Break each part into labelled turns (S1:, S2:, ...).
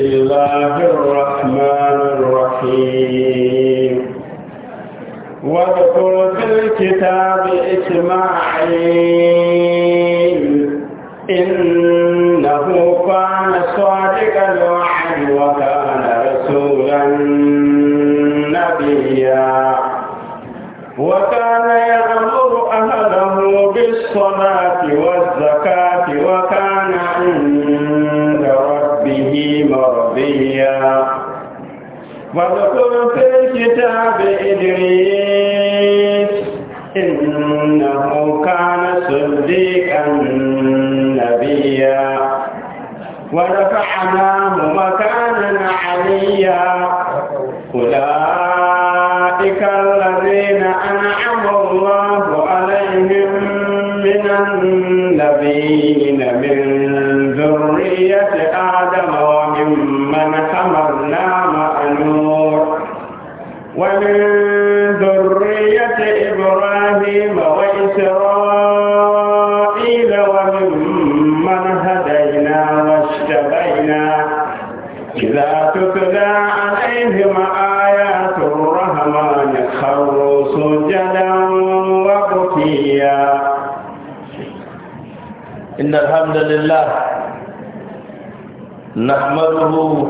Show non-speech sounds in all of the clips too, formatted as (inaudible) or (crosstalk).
S1: الله الرحمن الرحيم واذكر في الكتاب إسماعيل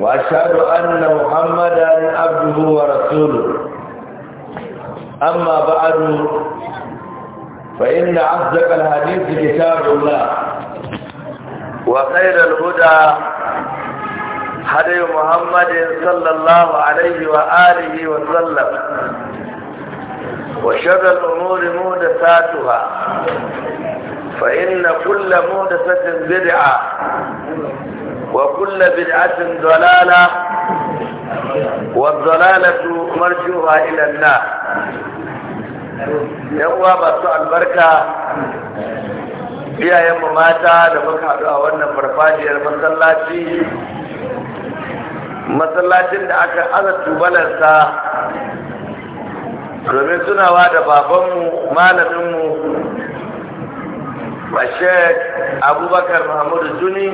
S2: وأشهد أن محمدا عبده ورسوله أما بعد فإن أصدق الحديث كتاب الله وخير الهدى هدي محمد صلى الله عليه وآله وسلم وشر الأمور مودساتها فإن كل مودسة بدعة وكل بدعة ضلالة والضلالة مرجوها إلى النار يوم albarka, البركة iyayenmu mata da muka haɗu a wannan farfajiyar masallaci masallacin da aka aza tubalarsa domin tunawa da babanmu malaminmu bashek abubakar muhammadu juni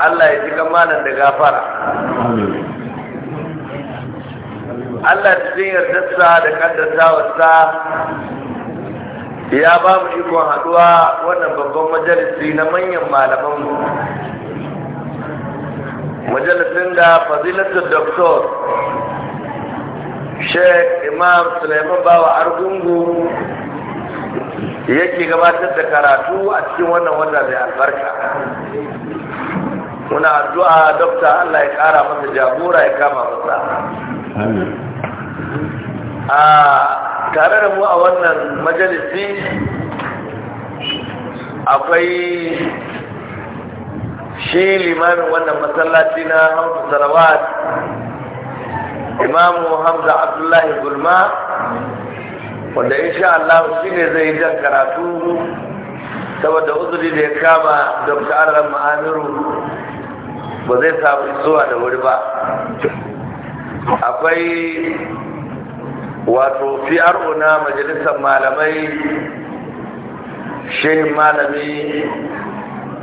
S2: Allah ya cika kamanan da gafara Allah ya cikin yardarsa da kaddatawarsa ya ba mu ikon haɗuwa wannan babban majalisi na manyan mu. majalisin da fadilatul doktor sheikh imam suleiman bawa argungu yake gabatar da karatu a cikin wannan wanda zai albarka muna addu'a dokta Allah ya kara masa jagora ya kama masa a tare da mu a wannan majalisi akwai shi limamin wannan masallaci na hamsu salawat imamu hamza abdullahi gulma wanda sha Allah shi ne zai jan karatu saboda uzuri da ya kama da Aram ma'amiru ba zai samu zuwa da wuri ba akwai wato fi na majalisar malamai shehin malami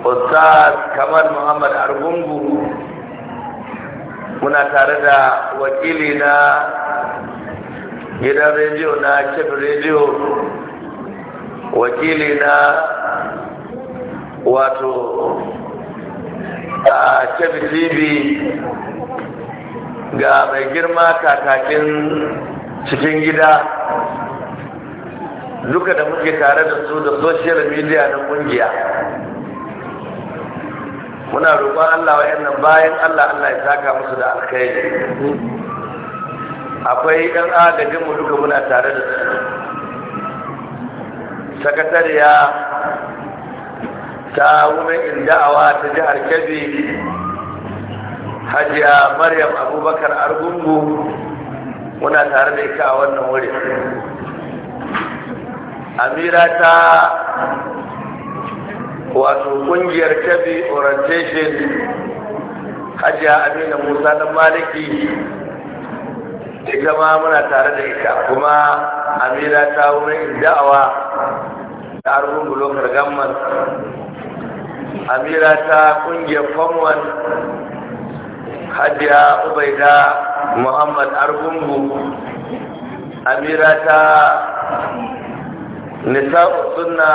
S2: ustaz kamar muhammad argungu muna tare da wakili na gidan rediyo na cif rediyo wakili na wato a cif tv ga mai girma kakakin cikin gida duka da muke tare da su da social media na kungiya muna roƙon allah wa'annan bayan allah allah ya saka musu da alkhairi akwai ɗan agajinmu duka muna tare da su sakatariya ta wumin da'awa ta jihar kebbi hajiya maryam abubakar argungu muna tare da ita a wannan wuri amira ta wato kungiyar kebbi orientation hajiya amina musa na maliki ita ma muna tare da ita kuma amira ta wurin da'awa ta arhun bulokar gamman amira ta kungiyar famwan hadiya ubaida muhammad argungu amira ta nisa'u sunna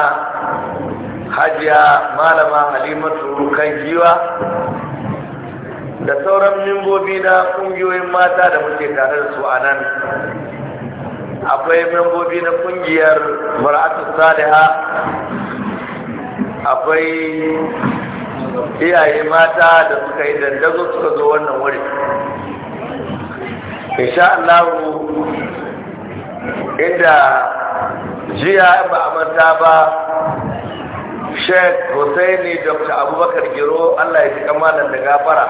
S2: hajiya malama halimatu kan giwa da sauran membobi na ƙungiyoyin mata da muke tare da su a nan akwai membobi na ƙungiyar mara'atu saliha akwai iyaye mata da suka yi dandazo suka zo wannan wuri insha Allah inda jiya ba a manta ba sheikh Hussaini dr abubakar giro allah ya fi kamalan da gafara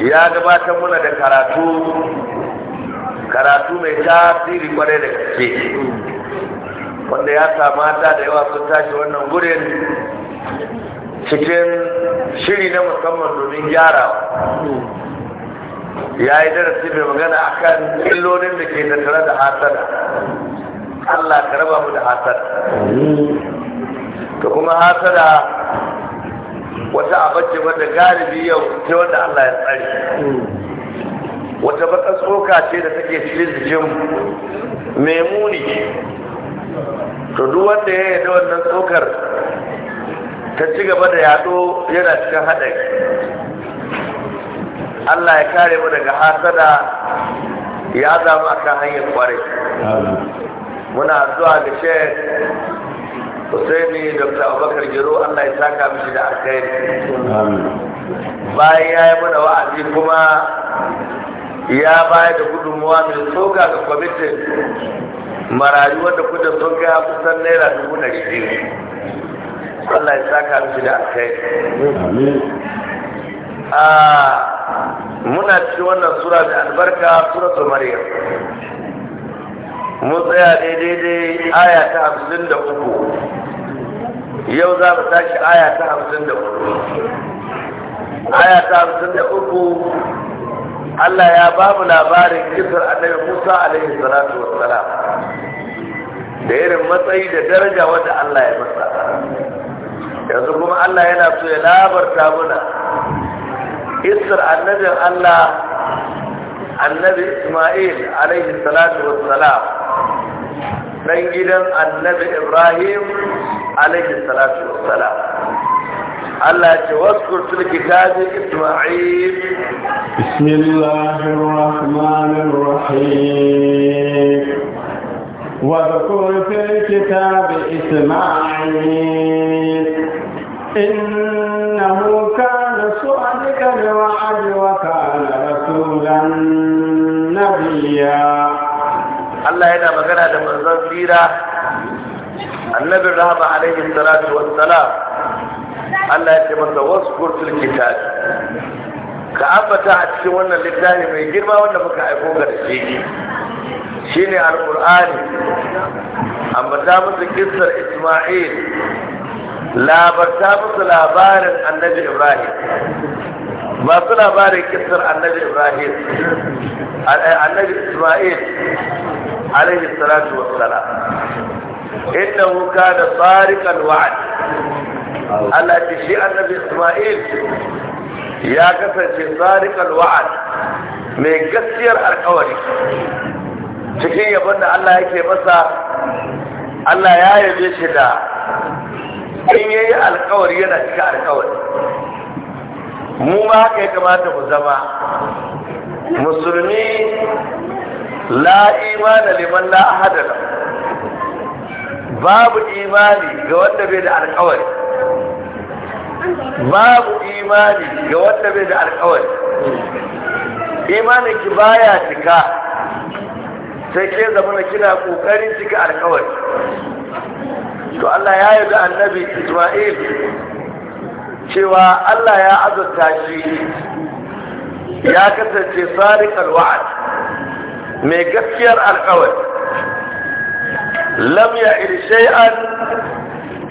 S2: ya gabatar muna da karatu karatu mai tasiri kwarai da gaske wanda ya kamata da yawa sun tashi wannan gudun, cikin shiri na musamman domin gyara, ya yi darasi mai magana akan illolin da ke tattara da hasada Allah ka raba mu da hasada da kuma hasada wata abacce wadda galibi yau ce wanda Allah ya tsari wata baka tsoka ce da take cikin jin memuni to duk wanda ya yi da wannan tsokar ta ci gaba da yado yana cikin haɗari Allah ya kare mu daga hasada ya zama kan hanyar kwarai muna zuwa ga shek Usaini Dr. Abubakar Jiru, Allah ya saka mishi da alkhairi. Bayan ya yi mana wa'azi kuma ya bayar da gudunmuwa mai tsoka ga kwamitin marayu wanda kudin sun kai kusan naira dubu da shi. Allah ya saka mishi da alkhairi. Ah, muna ci wannan sura da albarka suratul Maryam. mun tsaya daidai aya ta hamsin da uku yau za mu tashi aya ta hamsin da uku aya ta hamsin da uku Allah ya ba mu labarin kisar annabi Musa alaihi salatu wassalam da irin matsayi da daraja wanda Allah ya masa yanzu kuma Allah yana so ya labarta muna kisar annabin Allah النبي إسماعيل عليه الصلاة والسلام نجد النبي إبراهيم عليه الصلاة والسلام الله يتوسكر في الكتاب إسماعيل
S1: بسم الله الرحمن الرحيم واذكر في الكتاب إسماعيل إنه كان صادقا الوعد وكان
S2: رسولا نبيا الله هنا مغنى لما نظر النبي الرحمة عليه الصلاة والسلام الله يتبع الزواج قرص الكتاب كأبتا أتسيوانا لله من جرمى وانا مكعفوه كرسيه شيني على القرآن أما دامت قصة إسماعيل labarta musu labarin annabi ibrahim masu labarin kisar annabi ibrahim annabi isma'il alaihi salatu wa salam wuka da sariqal wa'ad, Allah ce shi annabi isma'il ya kasance sariqal wa'ad mai gaskiyar alkawari cikin yabon da Allah yake masa Allah ya yabe shi da in yayi alkawari yana cika alkawari mu ma haka ya kamata mu zama musulmi la imana liman la ahada babu imani ga wanda bai da alkawari babu imani ga wanda bai da alkawari imanin ki baya cika sai ke zama kina kokarin cika alkawari to Allah ya yi da annabi Ismail cewa Allah ya azurta shi ya kasance sadiq alwa'ad mai gaskiyar alkawar lam ya irshay'an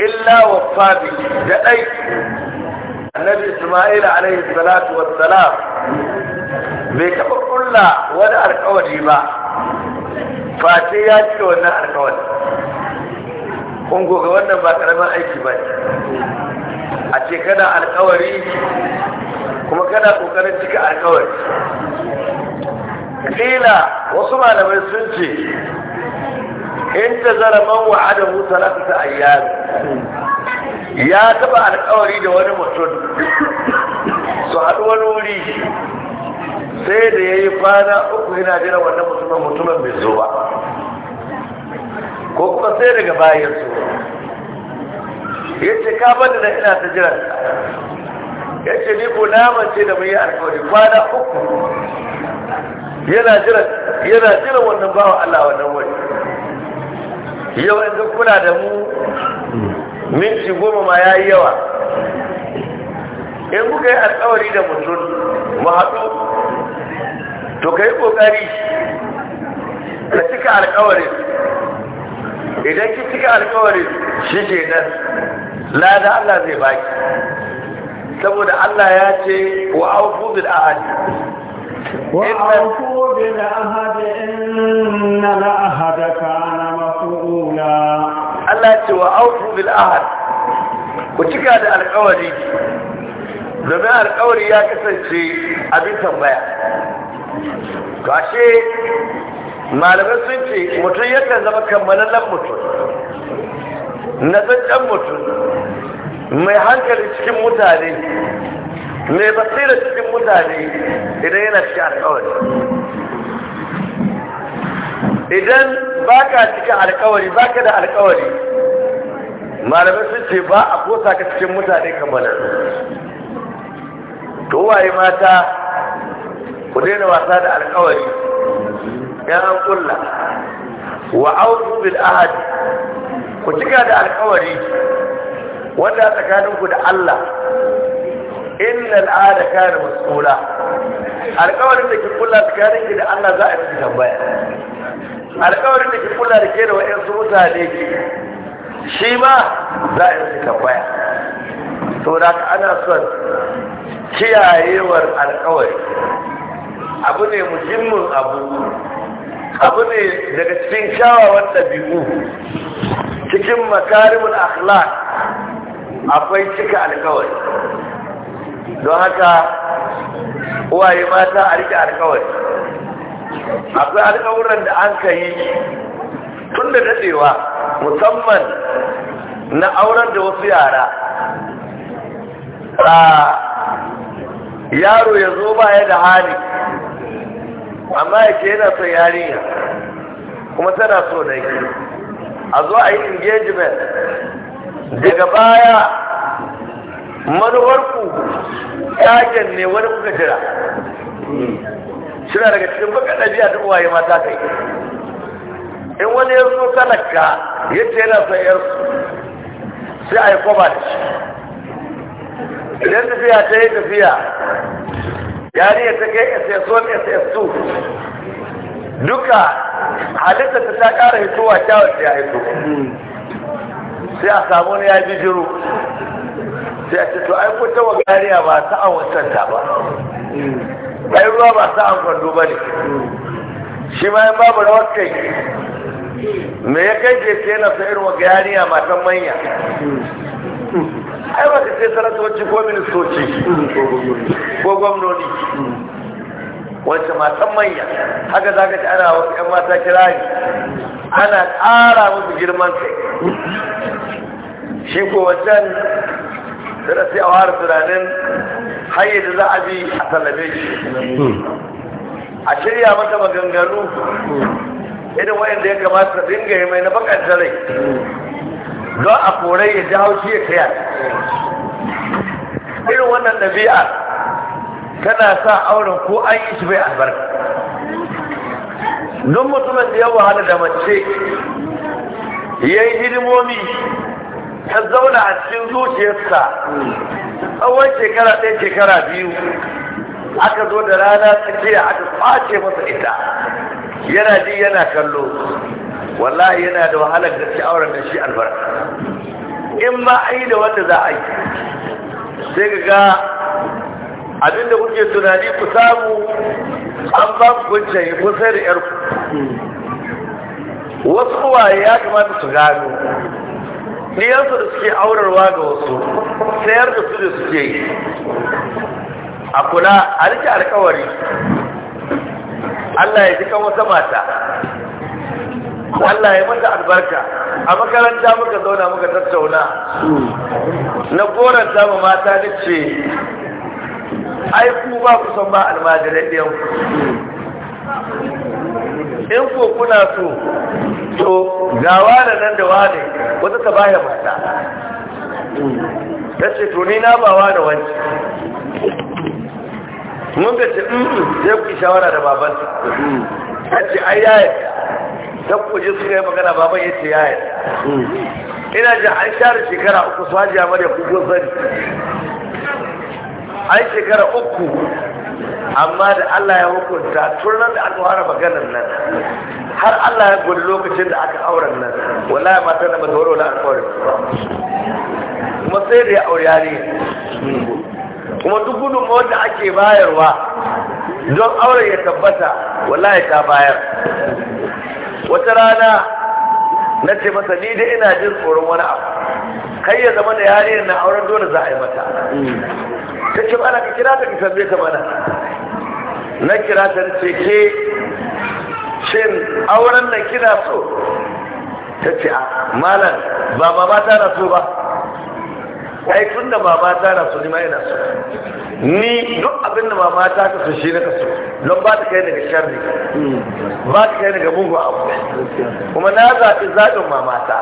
S2: illa wafabi da dai annabi Ismail Alayhi salatu wassalam bai taɓa kulla wani alkawari ba Fati ya ce wannan alkawari kun goga wannan ba karamin aiki ba a ce kana alkawari kuma kana kokarin cika alkawari kila wasu malamai sun ce in ta zara man wa'ada na ta ayyar ya taba alkawari da wani mutum su haɗu wani wuri sai da ya yi kwana uku yana jira wannan mutumin mutumin bai zo ba ko kuma sai daga bayan su ya ce ka bani na ina ta jiran ya ce ni ko naman ce da mai alkawari kwana uku yana jiran yana jiran wannan bawa Allah wannan wani yau yanzu kuna da mu minti goma ma ya yi yawa in kuka yi alkawari da mutum mu haɗu to ka yi ƙoƙari ka cika alkawarin idan ki cika alkawari shi ke nan lada Allah zai baki saboda Allah ya ce wa aufu bil ahad وأوفوا بالعهد
S1: إن العهد ce
S2: wa aufu bil وأوفوا ku cika da alƙawari domin alƙawari ya kasance abin tambaya to malamai sun ce mutum yakan zama kammalallen mutum nasaccen mutum mai hankali cikin mutane mai basira cikin mutane idan yana cikin alkawari idan baka cikin alkawari baka da alkawari malamai sun ce ba a kosa ka cikin mutane kammalallen to waye mata ku daina wasa da alkawari dan kulla wa auku bil ahad ku cika da alkawari wanda tsakaninku da Allah inna ahad kana mas'ula alkawarin da ke kulla tsakaninki da Allah za a yi tambaya alkawarin da ke kulla da ke da su mutane shi ma za a yi tambaya to da ana son kiyayewar alkawari abu ne muhimmin abu abu ne daga cikin kyawawan ɗabi'u cikin makarimin akhlaq akwai cika alkawari don haka uwaye mata a rike alkawari akwai alkawuran da an ka yi tun da daɗewa musamman na auren da wasu yara a ah, yaro ya zo baya da hali amma ya ce yana son yarinya kuma tana so da yake a zo a yi engagement daga baya manuwarku yagen ne wani kuka jira suna daga cikin baka a duk waye mata kai in wani ya zo talaka ya ce yana son yarsu sai a yi kwaba da shi idan tafiya ta yi tafiya yariya ta kai ss1 ss2 duka halitta ta ta ƙara hitowa kyawar ta ya sai a samu ne ya jiru. sai a ce to ai kuta wa gariya ba ta an ta ba ai ruwa ba ta an kwando ba ne shi ma yan babu wasu kai me ya kai ke ke na sa irin wa gariya matan manya ai ba ka sai ko ministoci ko gwamnoni wacce matan manya haka za ka ci ana wasu 'yan mata kirari ana ƙara musu girman kai shi ko wancan da sai a wara tunanin hanyar da za a bi a sallame shi a shirya mata maganganu irin waɗanda ya kamata dinga yi mai na bakar rai don a korai ya ji haushi ya kaya irin wannan ɗabi'a tana sa auren ko an yi shi bai albarka don mutumin da ya wahala da mace ya yi hidimomi ta zauna a cikin zuciyarsa tsawon shekara ɗaya shekara biyu aka zo da rana tsakiya aka kwace masa ita yana ji yana kallo wallahi yana da wahalar gaske auren da shi albarka in ba a yi da wanda za a yi sai ga ga abinda kuke tunani ku samu an ba ku kunce ku sai da yarku wasu uwaye ya kamata su gano niyarsu da suke aurarwa ga wasu sayar da su da suke yi a kula a rike alkawari Allah ya ji kan wata mata Allah ya mata albarka a makaranta muka zauna muka tattauna na goranta ma mata da ce ai ba ku san ba almajirai ɗayan ku in ko kuna so to ga wane nan da wane wata ta baya mata ta ce to ni na ba wane wani. mun ga ce sai ku shawara da babansa ta ce ai ya dan kuje suka yi magana baban ya ce yaya ina ji an share shekara uku su hajiya mara kujo sani an shekara uku amma da Allah ya hukunta turnar da aka fara maganar nan har Allah ya gudu lokacin da aka auren nan wallahi mata na bata warware alƙawarin kuma sai da ya aure ne kuma duk gudun wanda ake bayarwa don auren ya tabbata wallahi ta bayar wata rana na ce masa ni da ina jin tsoron wani abu kai ya zama da yariyar na auren dole za a yi mata ta ce mana ka kira ta ki tambaye ta mana na kira ta ce ke shin auren na kina so ta ce a malam ba ba ta na so ba ai tun da mama ta na ni nima ina so ni duk abin da mama ta ka so shi na ka so don ba ta kai daga sharri ba ta kai daga mugu abu kuma na zaɓi zaɓin mama ta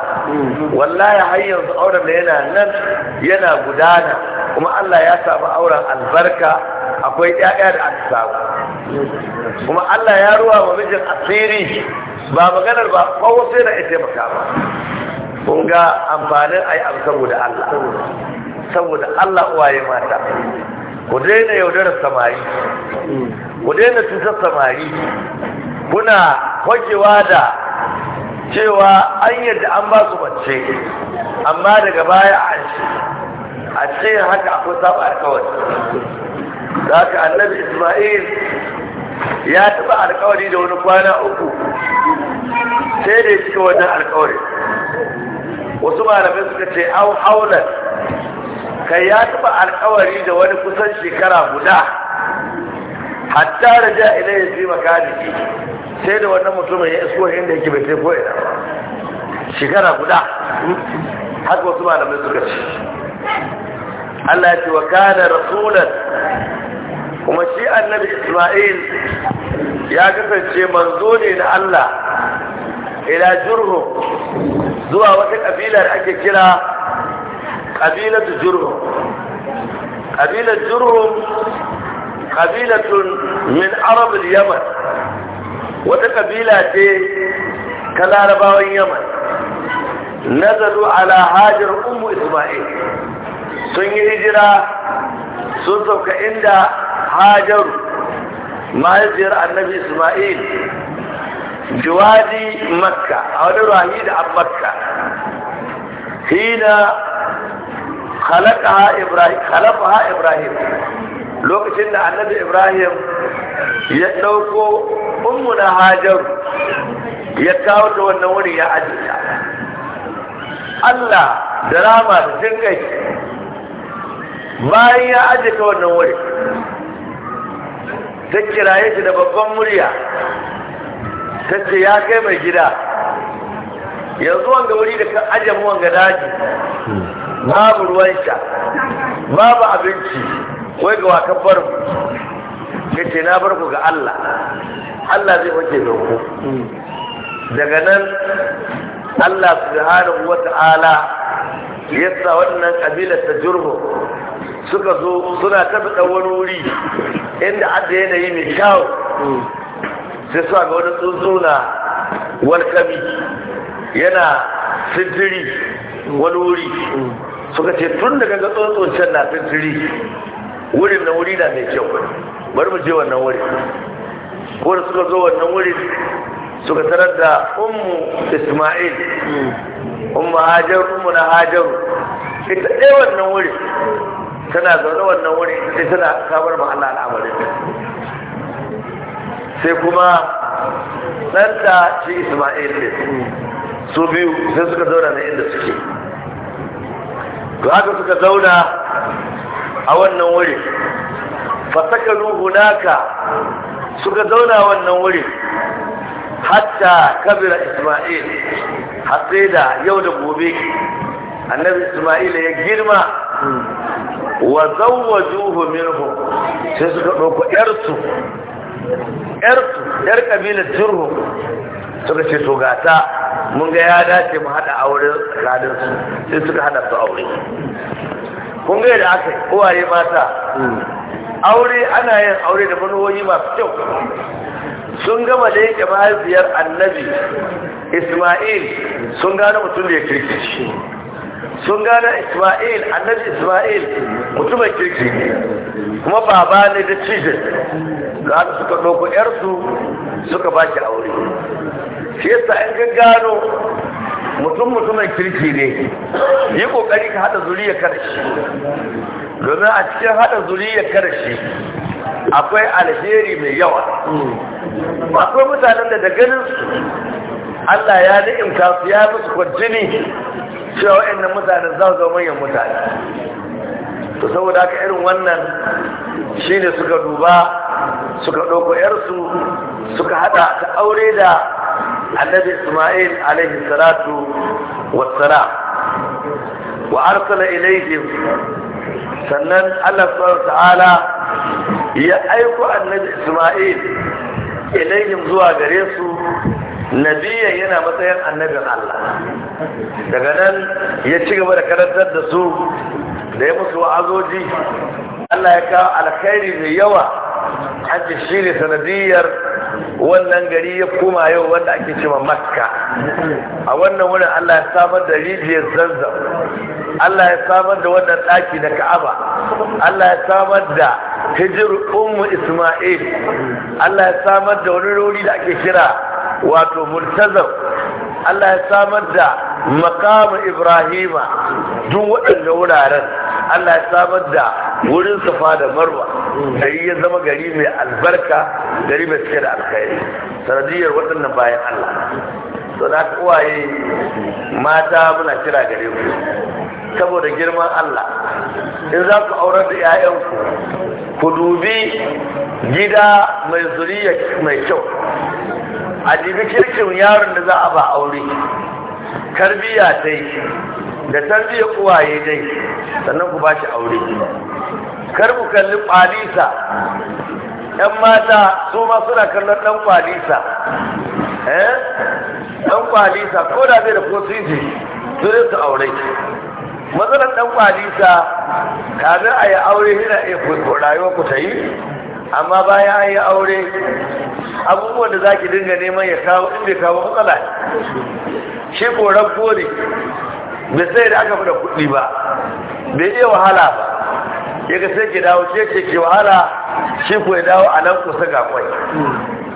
S2: wallahi har yanzu auren da yana nan yana gudana kuma Allah ya samu auren albarka akwai ƴaƴa da aka samu kuma Allah ya ruwa wa mijin asiri ba maganar ba kowa sai na ita taimaka ba kun ga amfanin ayi abu saboda Allah saboda Allah uwaye mata ku daina yaudarar samari ku daina cutar samari kuna hokewa da cewa an yadda an ba su mace amma daga baya an shi a ce haka akwai a kawai za ka annabi ismail ya taɓa alkawari da wani kwana uku sai da ya cika wannan alkawarin wasu malamai suka ce au haulan kai ya taɓa alkawari da wani kusan shekara guda hatta da ja ila ya fi makaniki sai da wannan mutumin ya isko inda yake bai sai ko'ina shekara guda haka wasu malamai suka ce Allah ya ce wa kana rasulan kuma shi annabi Isma'il ya kasance manzo ne na Allah ila jurhu zuwa wata kabila da ake kira ƙabilatu jurhu kabilar jurhum ƙabilatun min arabul yaman wata ƙabila ce ta larabawan yaman nazaru ala hajar umu isma'il sun yi hijira sun sauka inda hajaru mahaifiyar annabi isma'il biwadi makka a wani rahi da an makka hina halakaha ibrahim ha ibrahim lokacin da annabi ibrahim ya ɗauko ummu na hajar ya kawo ta wannan wuri ya ajiye Allah da rama da jinkai bayan ya ajiye ta wannan wuri ta kiraye shi da babban murya ta ce ya kai mai gida yanzu wanga wuri da kan wanga daji babu ruwan sha babu abinci wai ga wakan bar mu ya ce na bar ku ga Allah Allah zai wace da ku daga nan Allah subhanahu wataala ya sa wannan kabilar ta jurmu suka zo suna tafi wani wuri inda adda yanayi mai kyau sai su ga wani tsuntsu na walƙami yana sintiri wani wuri suka ce tun daga ga tsuntsun can na sintiri wurin na wuri na mai kyau bari mu je wannan wuri ko da suka zo wannan wurin suka tarar da ummu isma'il ummu hajar ummu na hajar ita ɗaya wannan wuri tana zaune wannan wuri ita tana samar ma Allah al'amarin sai kuma ɗanta shi isma'il ne su biyu sai suka zauna na inda suke to haka suka zauna a wannan wuri ruhu naka suka zauna wannan wuri hatta kabira isma'il hatsai da yau da gobe annabi isma'il ya girma wa zawwajuhu minhu sai suka ɗauko 'yarsu yar kabilar jirgin suka ce to gata mun ga ya dace mu haɗa aure su sai suka haɗa su aure kun ga yadda aka yi uwaye mata aure ana yin aure da manuwoyi masu kyau sun gama da yake mahaifiyar annabi isma'il sun gano mutum da ya kirkici sun gane isma'il annabi isma'il mutumin kirki kuma baba ne da cijin da su suka ɗauko yarsu suka ba shi aure shi yasa an gaggano mutum mutumin kirki ne yi ƙoƙari ka haɗa zuri kada shi domin a cikin haɗa zuriya kada shi akwai alheri mai yawa akwai mutanen da da ganin su Allah ya ni'imta su ya musu kwajini cewa wa'annan mutanen za su zama manyan mutane to saboda haka irin wannan shine suka duba suka ɗauko yarsu suka haɗa ta aure da annabi isma'il alaihi salatu wassalam wa arsala ilaihim sannan Allah subhanahu ta'ala ya aiko annabi isma'il ilaihim zuwa gare su nabiya yana matsayin annabin Allah daga nan ya ci gaba da karantar da su da ya musu wa'azoji Allah ya kawo alkhairi mai yawa an ce shi ne sanadiyar wannan gari ya koma yau wanda ake cewa makka a wannan wurin Allah ya samar da rijiyar zanzan Allah ya samar da wannan ɗaki na ka'aba Allah ya samar da hijir ummu isma'il Allah ya samar da wani rori da ake kira wato multazam Allah ya samar da makamu Ibrahima duk waɗanda wuraren Allah ya samar da wurin safa da marwa gari ya zama gari mai albarka gari mai cike da alkhairi sanadiyar waɗannan bayan Allah so na uwaye mata muna kira gare ku saboda girman Allah in za ku aurar da 'ya'yanku ku dubi gida mai zuriya mai kyau a dibi kirkin yaron da za a ba aure karbiya dai da tarbiyyar uwaye dai sannan ku ba shi aure kar ku kalli kwalisa yan mata su ma suna kallon dan kwalisa eh kwalisa ko da zai da ko su yi su aure matsalar ɗan kwalisa kamin a yi aure yana iya rayuwa ku ta yi amma baya an yi aure abubuwan da za ki dinga neman ya kawo in bai kawo matsala shi koran kore bai sai da aka fi da kuɗi ba bai iya wahala ba ya ga sai ke dawo ce ce ke wahala shi ko ya dawo a nan kusa ga kwai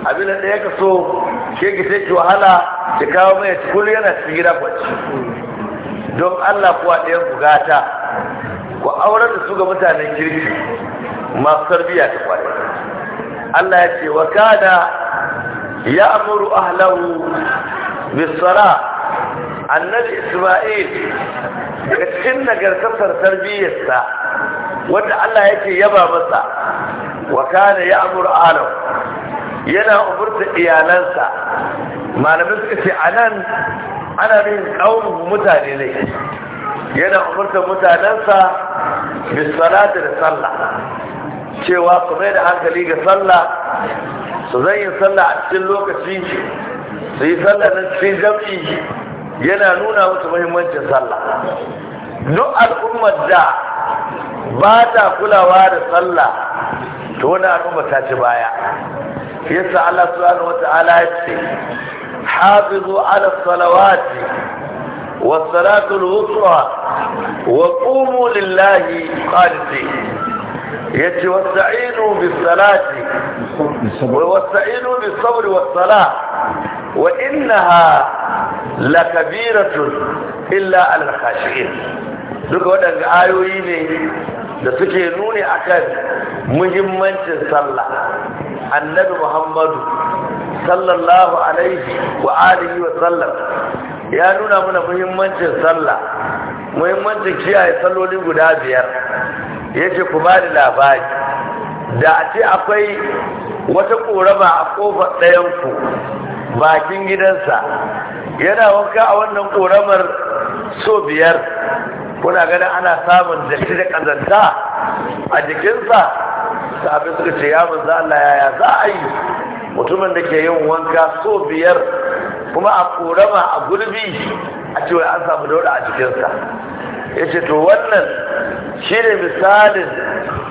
S2: abin da ya ka so ke ki sai ki wahala ki kawo mai kullum yana cikin gida kwanci don allah kuwa ɗayan bugata, ku aurar da su ga mutanen kirki masu tarbiyya ta kwaye Allah ya ce wa kada ya amuru ahlahu bisara annabi Isma'il daga cikin nagartatar tarbiyyarsa wanda Allah yake yaba masa wa kana ya amuru ahlahu yana umurta iyalansa malamin suka ce anan ana bin kaunuhu mutane ne yana umurta mutanensa bisara da sallah cewa su mai da hankali ga sallah su zan yi sallah a cikin lokaci su yi sallah na cikin jam'i yana nuna musu muhimmancin sallah duk al'ummar da ba ta kulawa da sallah to wani al'umma ta ci baya yasa Allah subhanahu wa ta'ala ya ce hafizu ala salawati والصلاة الوسطى وقوموا لله قانتين yace wasta'inu bis salati wa wasta'inu bis sabr was salah wa innaha lakabiratun illa al duka waɗanda ayoyi ne da suke nuni akan muhimmancin sallah annabi muhammadu sallallahu alaihi wa alihi wa sallam ya nuna mana muhimmancin sallah muhimmancin kiyaye salloli guda biyar ya ce ku ba da labari da a ce akwai wata ƙorama a ƙofar ɗayanku bakin gidansa yana wanka a wannan ƙoramar so biyar kuna ganin ana samun datti da ƙazanta a jikinsa abin suka ce ya manzo Allah yaya za a yi mutumin da ke yin wanka so biyar kuma a ƙorama a gurbi a cewa an samu dauda a jikinsa yace to wannan shi ne misalin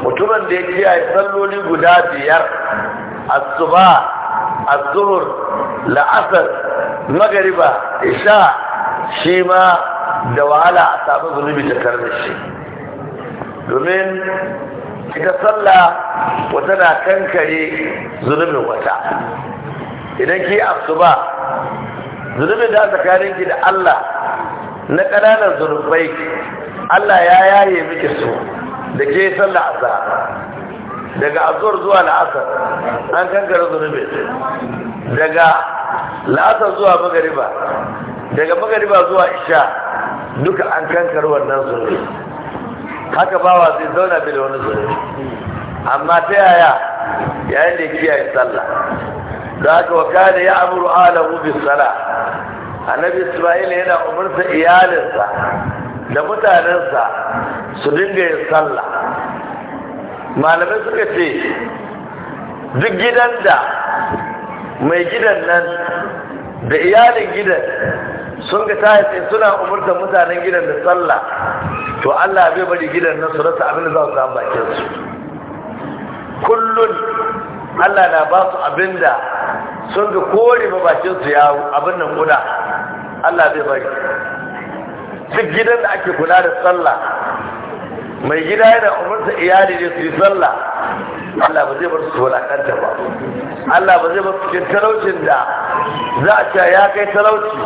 S2: mutumin da ya kiyaye salloli guda biyar asuba azuhur la'asar magariba isha shi ma da wahala a samu zunubi ta karni shi domin ita sallah wata na kankare zunubin wata idan ki asuba zunubin da tsakaninki da Allah na ƙananan zunubai Allah ya yaye miki su da ke sallah azhar daga azhar zuwa la'asar an kankara zunubi daga la'asar zuwa magariba daga magariba zuwa isha duka an kankara wannan zunubi haka bawa zai zauna bi da wani zunubi amma ta yaya yayin da kiyaye sallah da aka wa kana ya amuru alahu bis salah annabi isma'il yana umarta iyalinsa da mutanensa su dinga yin sallah malamai suka ce duk gidan da mai gidan nan da iyalin gidan sun ga ta haife suna umarta mutanen gidan da sallah to Allah bai bari gidan nan su rasa abin da za su samu bakin su kullun Allah na ba su abin da sun ga kore mabacin su ya abin nan guda Allah zai bari duk gidan da ake kula da sallah mai gida yana umarta iyali ne su yi sallah Allah ba zai bar su wulakanta ba Allah ba zai bar su cikin talaucin da za a ce ya kai talauci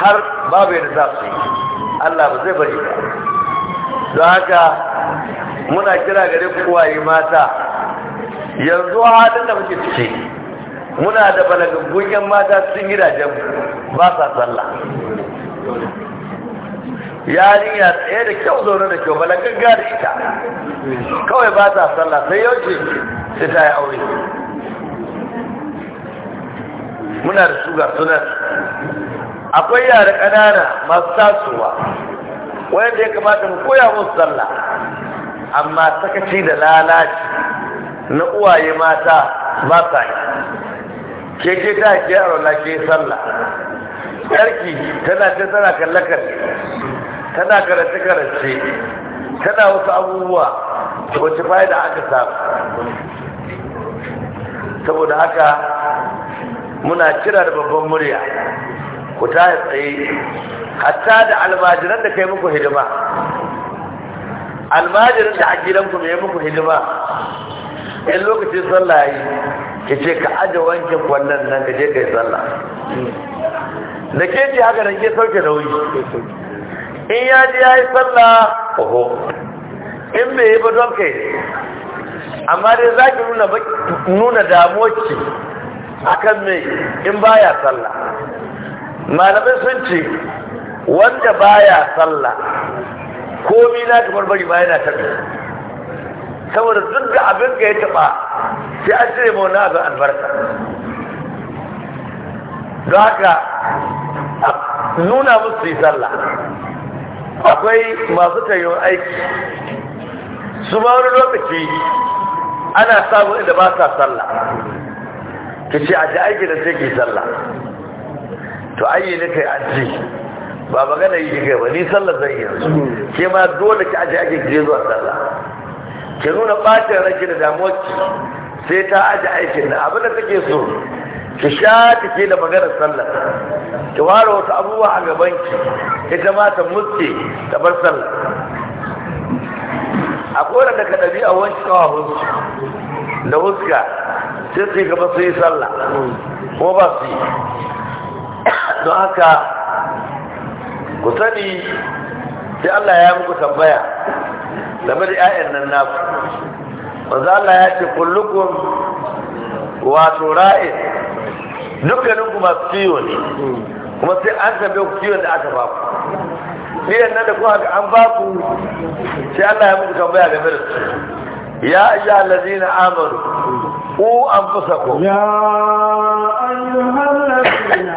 S2: har babu yadda za su yi Allah ba zai bari ba don haka muna kira gare yi mata yanzu halin da muke fice, muna da balagaggun yan mata cikin gidajen ba sa sallah ya tsaye da kyau zaune da kyau balagagga da ita kawai ba sa sallah sai yau ce sai ta yi aure muna da shugar sunan akwai yare ƙanana masu tasowa wanda ya kamata mu koya musu sallah amma sakaci da lalaci na uwaye mata ba sa yi Keke ta ke a na ke sallah yarki tana ta tana kallakar tana karace karace tana wasu abubuwa wacce da aka samu saboda haka muna kira da babban murya ku ta tsaye hatta da almajiran da kai muku hidima almajirin da a gidanku mai muku hidima in lokacin sallah ya yi ki ce ka aje wankin kwallon nan ka je ka yi sallah da ke ce haka da ke sauke nauyi in ya ji ya yi sallah oho in bai yi ba don kai amma dai za ki nuna damuwa a kan mai in ba ya sallah malamai sun ce wanda ba ya sallah komi na kamar bari ba yana taɓi saboda duk da abin ka ya taba sai an cire mu na abin albarka don haka nuna musu yi sallah akwai masu tayin aiki su ma wani lokaci ana samun inda ba sa sallah ki ce a ji aiki da sai ki sallah to ayi ne kai an ci ba magana yi kai ba ni sallah zai yi yanzu ke ma dole ki aji aiki ki zuwa sallah ki nuna ɓacin rage da damuwarki sai ta aji aikin da abin da take so ki sha take da maganar sallah ki ware wasu abubuwa a gabanki ita ma ta mutse ta bar sallah a kowane daga ɗabi'a wanki kawahunsu da huska sai su yi gaba su yi sallah ko ba su yi don haka ku sani sai Allah ya muku tambaya game da 'ya'yan nan naku wanzu Allah ya ce kullukun wato ra'in dukkanin ku masu ne kuma sai an tambaye ku kiwon da aka ba ku kiwon nan da kuma an ba ku sai Allah ya muku tambaya game da su ya ayyuha allazina amanu ku anfusakum ya
S1: ayyuha allazina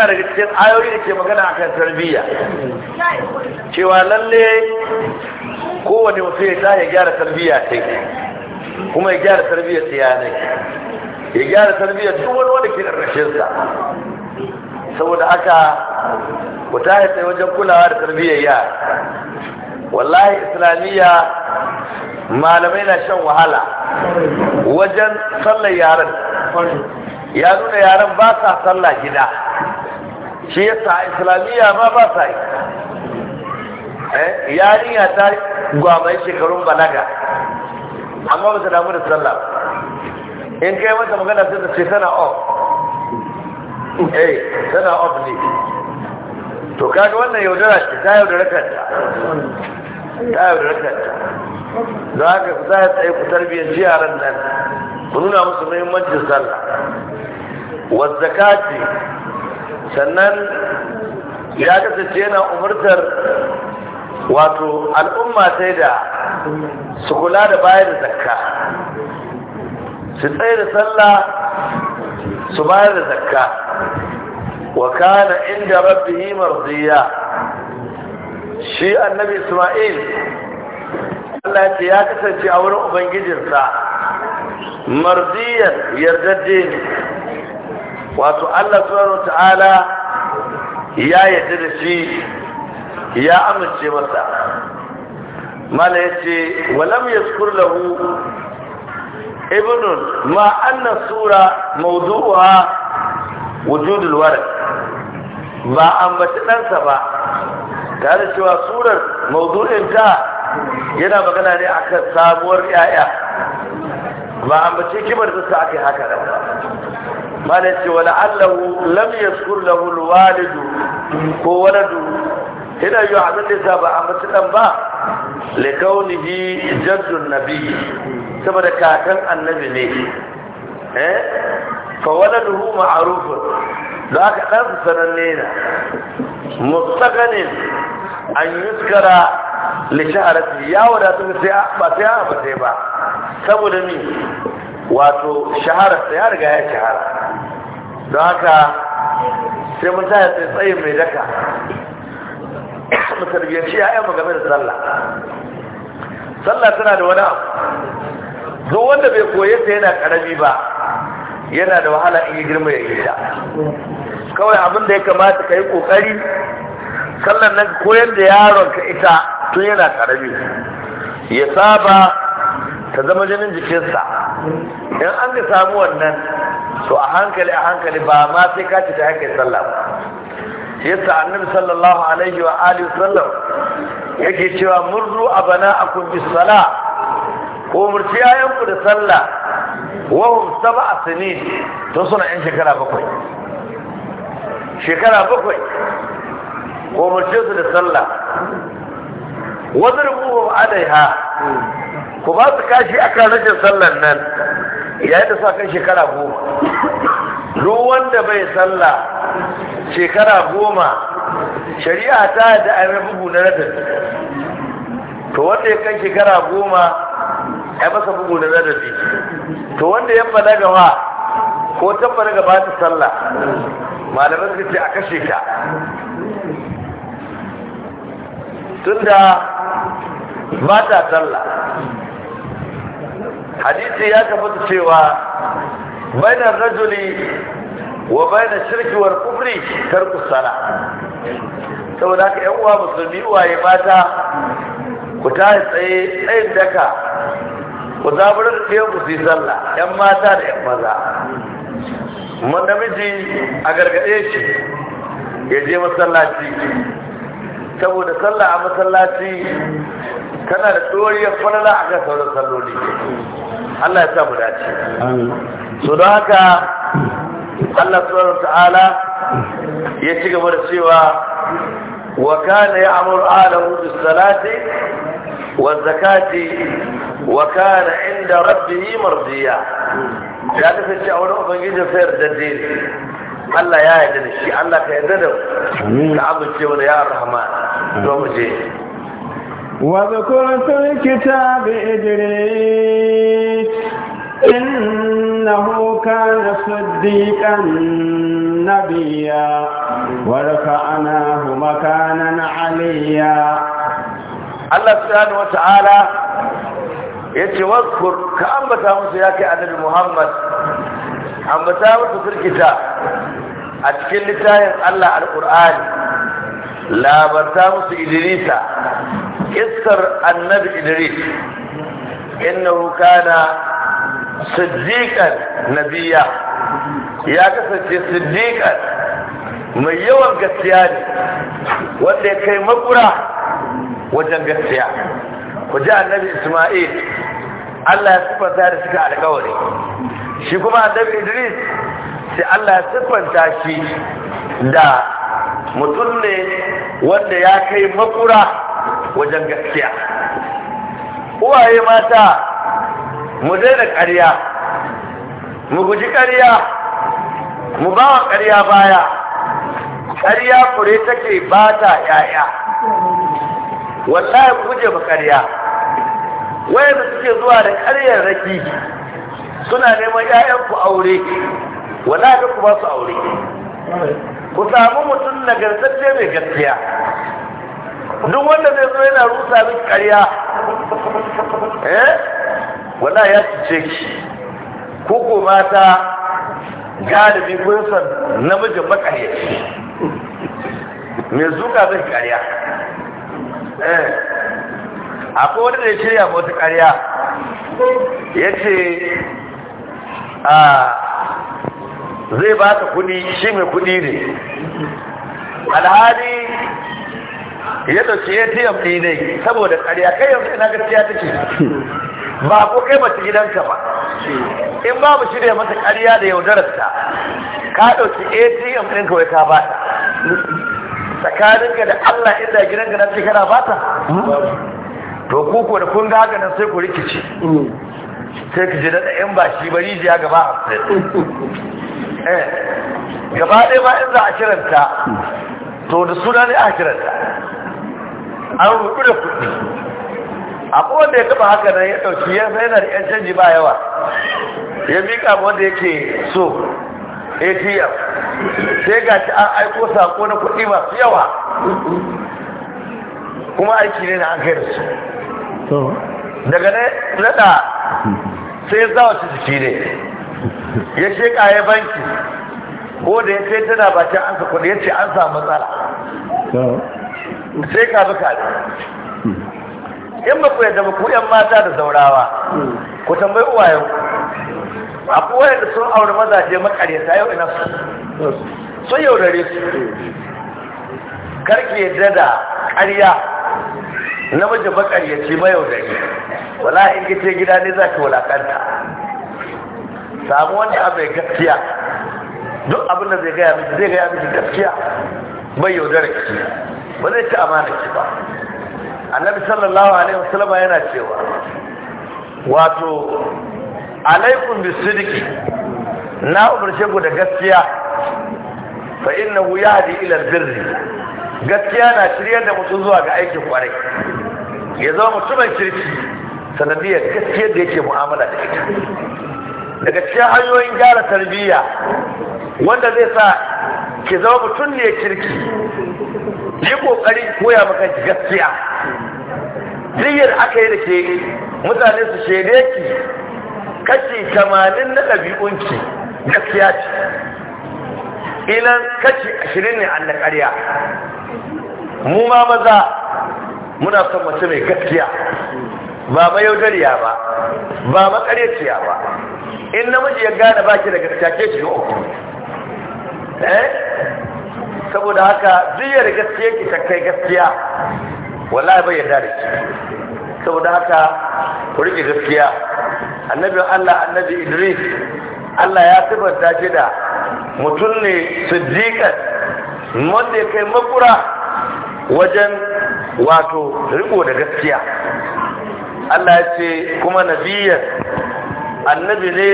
S2: Yana daga cikin ayoyi da ke magana akan tarbiyya cewa lalle kowane mutum ya ya gyara tarbiyya ta yi, kuma ya gyara ta tsiyanai ya gyara tarbiyya duk wani wanda ke sa saboda aka ku yi tsaye wajen kulawa da tarbiyyar yara wallahi islamiyya malamai na shan wahala wajen sallar yaran ya nuna yaran ba sa sallah gida shi ya yasa islamiyya ma ba sa yi eh, ya ta gwamai shekarun balaga amma ba su damu da sallah in kai mata magana sai ta ce tana off eh tana off ne to kaga wannan yaudara ce ta yaudara kanta ta yaudara kanta za ka za ya tsaye ku tarbiyyar yaran nan ku nuna musu muhimmancin sallah wazzakati sannan ya kasance yana umartar wato al'umma sai da su kula da baya da zakka su tsaye da sallah su bayar da zakka wa kana inda rabbihi marziya shi annabi isma'il Allah ce ya kasance a wurin ubangijinsa marziyan yardajje ne wato Allah subhanahu ta'ala ya yadda da shi ya amince masa mala yace walam yazkur lahu ibnun ma anna sura mawdu'uha wujudul warad ba ambaci ɗansa ba tare cewa surar mawdu'inta yana magana ne akan sabuwar 'ya'ya ba ambaci kibar da aka yi haka ba mana ce wani allahu lam ya lahu walidu ko waladu Ina yi abin da ya ba a mutu ba likaunihi jaddun nabi saboda kakan annabi ne eh fa waladuhu ma'arufin da aka ɗansu sananne ne mustaqanin an yuskara li shaharati ya wadatu ba sai ba sai ba saboda ni wato shahararsa ya riga ya shahara don haka sai mun taya sai tsayin mai daka shi ya yi mu game da sallah sallah tana da wani abu wanda bai koye ta yana karami ba yana da wahala in yi girma ya yi ta kawai abin da ya kamata ka yi kokari sallan nan koyar da yaron ka ita tun yana karami ya saba ta zama jinin jikinsa in an ka samu wannan to a hankali a hankali ba ma sai ka ci ta haka sallah ba yasa annabi sallallahu alaihi wa alihi sallam yake cewa murru abana a bis sala ko murci ayanku da sallah wa hum sab'a sanin. to suna yan shekara bakwai shekara bakwai ko murci su da sallah adai ha. ku ba su kashi kan rashin sallan nan yi da sa kan shekara goma duk wanda bai sallah shekara goma shari'a ta da an bugu na nadar to wanda ya kan shekara goma ya masa bugu na nadar to wanda ya fada gawa, ko ta balaga ba ta sallah malamin su ce a kashe ka tunda ba ta sallah hadisi ya tabbata cewa bainar rajuli wa bainar shirki wal kufri tarku sala saboda haka yan uwa musulmi uwaye mata ku ta tsaye tsayin daka ku zaburar da ku su yi sallah yan mata da yan maza mun namiji a gargaɗe shi ya je masallaci saboda sallah a masallaci tana da tsoriyar falala a kan sauran salloli Allah ya sa mu dace so don haka Allah subhanahu ta'ala ya ci gaba da cewa wa kana ya'muru ahlahu bis salati wa zakati wa kana inda rabbih mardiya ya kasance a wurin ubangijin sayar da dai-dai. Allah ya yarda da shi Allah ka yarda da mu ka amince mana ya rahman to mu je
S1: واذكر في الكتاب إدريس إنه كان صديقا نبيا ورفعناه مكانا عليا
S2: الله سبحانه وتعالى يتوكر كأنبتا مسياك على محمد أنبتا مسياك في الكتاب أتكلم الله القرآن labarta musu idrisa iskar annabi idris innahu kana siddiqan nabiya ya kasance siddiqan mai yawan gaskiya ne wanda ya kai makura wajen gaskiya ku ji annabi isma'il Allah ya siffanta da suka alƙawari shi kuma annabi idris sai Allah ya sifanta shi da mutum ne wanda ya kai makura wajen gaskiya uwaye mata mu daina ƙarya mu guji ƙarya mu ba wa ƙarya baya ƙarya fure take ba ta yaya wallahi guje ba ƙarya wayanda suke zuwa da ƙaryar raki suna neman 'ya'yanku aure wallahi ku ba su aure ku samu mutum na nagartacce mai gaskiya duk wanda zai zo yana rusa miki karya, eh wala ya cice ki ko ko mata galibi kun san namijin makaryaci mai zuka zai karya. eh akwai wanda ya shirya mota karya? ya ce a ah, zai ba ka kudi shi mai kudi ne alhali ya dauki atm ɗin ne saboda ƙarya kai yanzu ina gaskiya take ba ko kai mace gidanka ba in babu shirya mata karya da yaudararta ka ɗauki atm ɗin kawai ka ba ta tsakaninka da allah inda gidanka na ce kana ba ta to kuku da kun ga nan sai ku rikici. sai ku ji daɗa in ba shi ba rijiya gaba a Eh, gaba ɗaya ma in za a kiranta to da suna ne a kiranta an rubu da kuɗi abu wanda ya taba haka nan ya ɗauki ya yana da yan canji ba yawa ya miƙa wanda yake so atm sai ga ci an aiko sako na kuɗi masu yawa kuma aiki ne na an kai da su daga na naɗa sai su jiki ne ya sheka ya banki ko da ya sai tana ba ta an sa kuɗi ya ce an samu matsala sai ka bi kare in ba ku yadda ba ku yan mata da zaurawa ku tambayi uwayen akwai wayanda sun aure mazaje makaryata yau ina su sun yaudare su karke yadda da ƙarya namiji makaryaci mayaudari wala in kace gida ne za ki wulakanta samu wani abu gaskiya duk abin da zai gaya miki zai gaya miki gaskiya bai yaudara ki ba zai ci amana ki ba annabi sallallahu alaihi wasallam yana cewa wato alaikum bisidiki na umarce ku da gaskiya fa innahu yahdi ila albirri gaskiya na shiryar da mutum zuwa ga aikin kwarai ya zama mutumin kirki sanadiyar gaskiyar da yake mu'amala da ita daga cikin hanyoyin gyara tarbiyya wanda zai sa ki zama mutum ne kirki yi kokari koya maka gaskiya jiyar aka yi da ke mutane su shaide ki kashi tamanin na ɗabi'unki gaskiya ce ina kashi ashirin ne an na ƙarya mu ma maza muna son mace mai gaskiya ba mayaudariya ba ba makaryaciya ba in namiji ya gane baki da gaskiya ke uku eh saboda haka ziyar gaskiya ki ta kai gaskiya wallahi bai yarda da ki saboda haka ku riƙe gaskiya annabi Allah annabi Idris Allah ya tabbata shi da mutum ne Siddikat, wanda ya kai makura wajen wato riko da gaskiya Allah ya ce kuma nabiyan annabi ne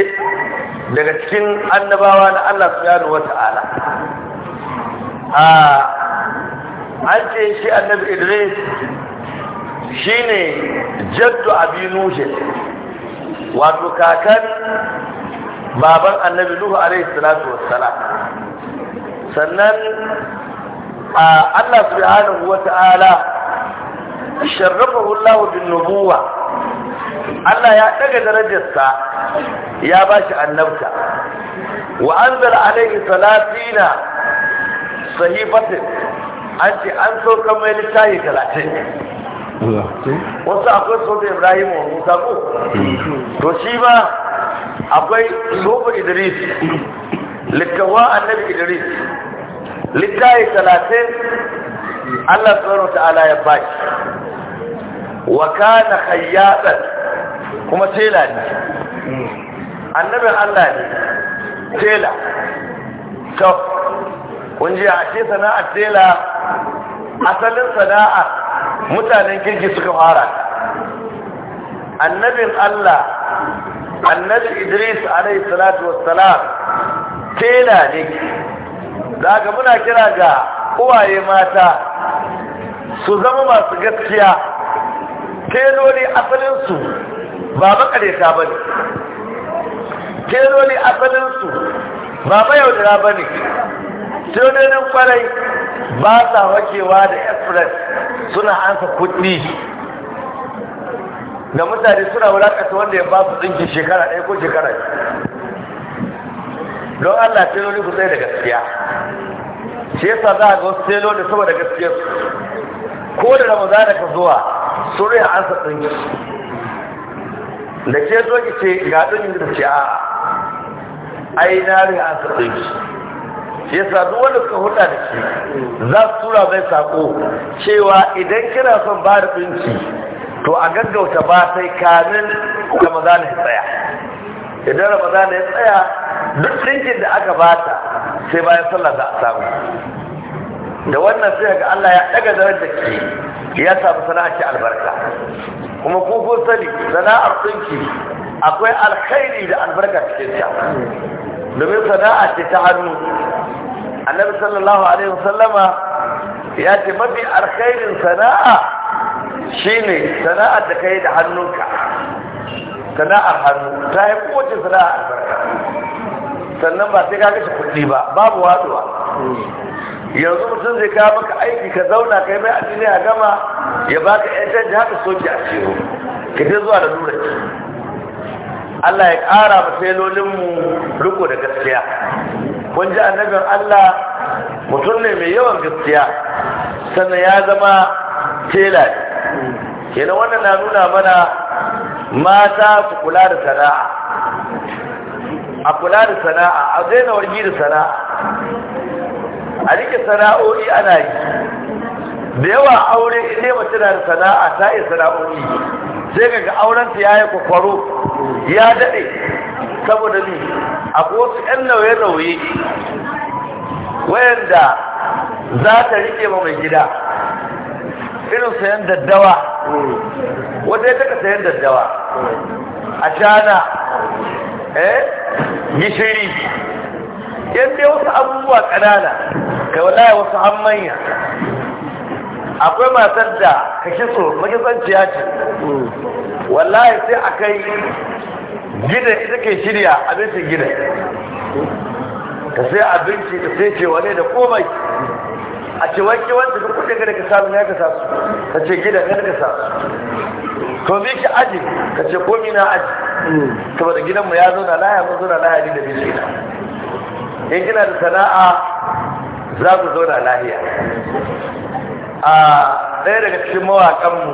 S2: daga cikin annabawa na Allah subhanahu wata'ala a an ce shi annabi Idris shine jaddu abi nuhi wato kakan baban annabi nuhu alaihi salatu wassalam sannan Allah subhanahu wata'ala sharrafahu Allah bin nubuwa Allah ya ɗaga darajarsa ya ba shi annabta wa an anzal alaihi salatina sahifatin an ce an sauka mai littafi talatin wasu akwai so sautin ibrahim wa musa ko to shi ba akwai sofa idris littawa annabi idris littafi talatin Allah subhanahu ta'ala ya bashi wa kana khayyatan kuma tela ne annabin Allah ne tela to kun ji a ce sana'ar tela asalin sana'ar mutanen kirki suka fara annabin Allah annabi Idris alaihi salatu wassalam tela ne daga muna kira ga uwaye mata su zama masu gaskiya teloli asalinsu ba makareta ba ne jeroli asalinsu ba mayaudara ba ne jirgin kwarai ba sa wakewa da express suna ansa kudi da mutane suna wulakata wanda ya ba su tsinki shekara ɗaya ko shekara don allah teloli ku tsaye da gaskiya shi yasa za a ga wasu teloli saboda gaskiya ko da ramadana ka zuwa sun rai ansa tsinki da ke zo ki ce ga ɗin da ce a ai na riga ka ɗin shi yasa duk wanda suka hulɗa da ke za su tura zai sako cewa idan kina son ba da ɗinki to a gaggauta ba sai kamin ramadan ya tsaya idan ramadan ya tsaya duk ɗinkin da aka bata sai bayan sallah za a samu da wannan sai ga Allah ya ɗaga da ke ya samu sana'a albarka kuma kun sani sana'ar tsinki akwai alkhairi da albarka cikin ta domin sana'a ce ta hannu annabi sallallahu alaihi wasallama ya ce mafi alkhairin sana'a shine sana'ar da kai da hannunka sana'ar hannu ta yi kowace sana'a albarka sannan ba sai ka kashe kuɗi ba babu watsuwa yanzu mutum zai kawo maka aiki ka zauna kai mai addini a gama ya baka yan canji haka soke a ciro ka je zuwa da nura ki Allah ya ƙara mu riko da gaskiya kun ji annabin Allah mutum ne mai yawan gaskiya sannan ya zama tela kenan wannan na nuna mana mata su kula da sana'a a kula da sana'a a daina wargi da sana'a a rike sana'o'i ana yi da yawa aure ne mace na da sana'a ta iya sana'o'i sai ga auren ta yayi kwakwaro ya dade saboda ni akwai wasu 'yan nauye-nauye wayanda za ta rike ma mai gida irin sayan daddawa wata ya taka sayan daddawa a shana eh gishiri yadda wasu abubuwa ƙanana kai wallahi wasu an manya akwai matar da ka kitso magisanciya ce wallahi sai a kai gida ita ke shirya abincin gida ta sai abinci ta sai ce ne da komai a ce wanke wanda ka kudin gada ka samu na ka sa su ka ce gida ya ka sa su to ki aji ka ce komi na aji saboda gidanmu ya zauna laya mun zauna laya ni da bishi in kina da sana'a za ku zauna lahiya a ɗaya daga cikin mawaƙanmu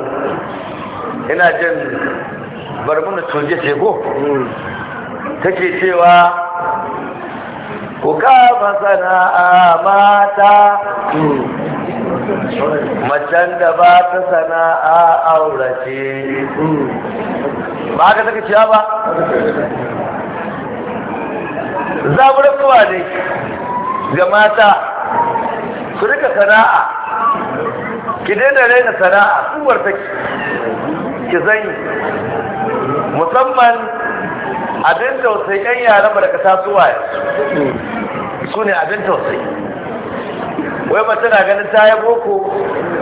S2: ina jin barmuna toje Ta take cewa ku kama sana'a mata macen da ba ta sana'a aurace ba haka take cewa ba zaburar kowa ne ga mata ku rika sana'a ki daina raina sana'a kuwar take ki zanyi musamman abin tausayi yan yara ba daga su ne abin tausayi wai ba tana ganin ta yi boko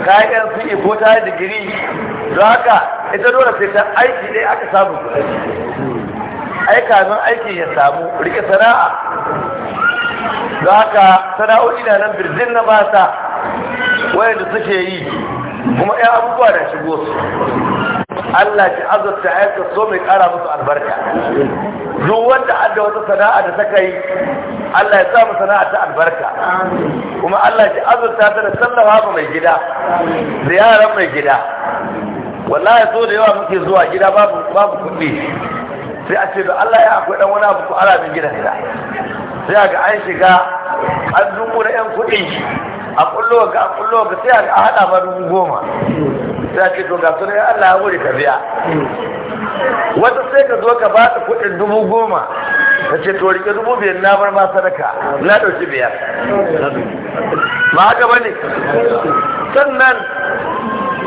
S2: ta yi su e ko ta yi digiri don haka ita dole sai ta aiki ɗaya aka samu aika aiki ya samu rike sana'a da haka sana'o'i na nan birzin na mata wayanda suke yi kuma ya abubuwa da shigo su Allah ki azurta aika so mai kara musu albarka duk wanda adda wata sana'a da ta kai Allah ya samu sana'a ta albarka kuma Allah ki azurta ta da sallama ga mai gida da yaran mai gida wallahi so da yawa muke zuwa gida babu babu kuɗi sai a ce da Allah ya akwai dan wani abu ko ala min gidan gida sai ga an shiga an dubu na yan kuɗi a kullo ga a kullo ga sai a haɗa ma dubu goma sai ce to ga sunan Allah ya gode ka biya wata sai ka zo ka ba ta kuɗin dubu goma ka ce to rike dubu biyar na bar ma sadaka na ɗauki biyar ba haka ba ne sannan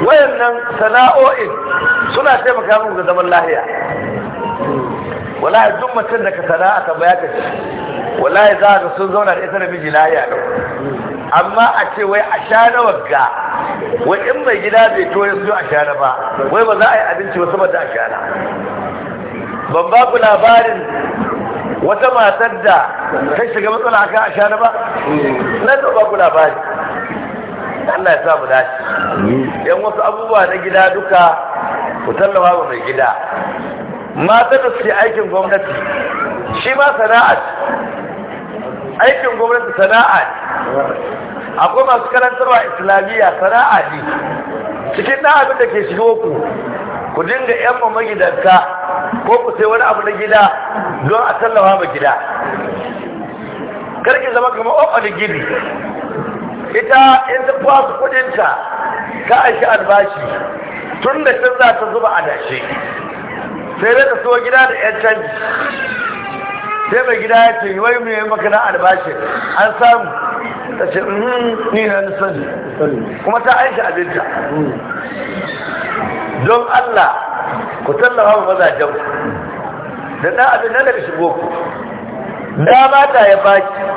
S2: wayannan sana'o'in suna taimaka muku ga zaman lahiya wallahi duk mutum da ka sana ta baya ka wallahi za ka sun zauna da ita da miji a ɗau amma a ce wai a sha na wagga wai in mai gida bai tore su a sha na ba wai ba za a yi abinci ba saboda a sha na ban ba ku labarin wata matar da ta shiga matsala kan a sha na ba nan da ba ku labari Allah ya sa mu dace yan wasu abubuwa na gida duka ku tallafa mai gida mata da suke aikin gwamnati shi ma sana'a aikin gwamnati sana'a akwai masu karantarwa islamiyya sana'a ne cikin ɗan abin da ke shigo ku ku dinga yan magidanta ko ku sai wani abu na gida don a tallawa ma gida karki zama kamar ofali gini ita in ta kwasu kudinta ka aiki albashi tun da can za ta zuba a dashe sai dai ka so gida da yan canji sai mai gida ya ce wai mai yi maka na albashi an samu ta ce mm-hmm, ni na sani kuma ta aisha abinta don Allah ku tallafa wa mazajen da ɗan abin na daga shigo ku ba ta ya baki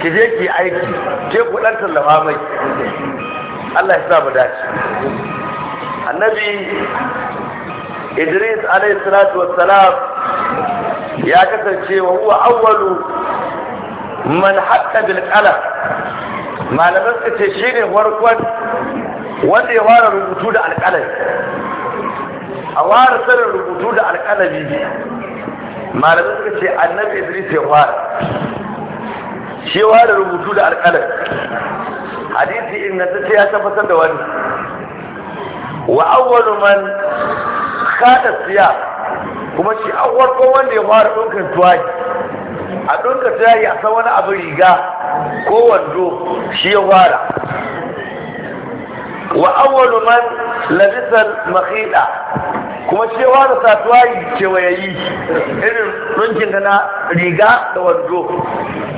S2: ki je ki aiki ke ku ɗan tallafa mai Allah ya sa mu dace annabi idris alayhi salatu wassalam ya kasance wa huwa awwalu man hatta bil qalam malaman suka ce shine farkon wanda ya fara rubutu da alƙalami a fara sanin rubutu da alƙalami malaman ka ce annabi idris ya fara shi ya fara rubutu da alƙalami hadisi ingantacce ya tabbatar da wani wa awwalu man kada siya kuma shi an warko wanda ya fara ɗaukar tuwai, a ɗaukar tuwaji a san wani abu riga ko wando shi ya fara wa awwalu man labisa makhida kuma shi ya fara sa tuwaji kewayayi irin ɗunkin na riga da wando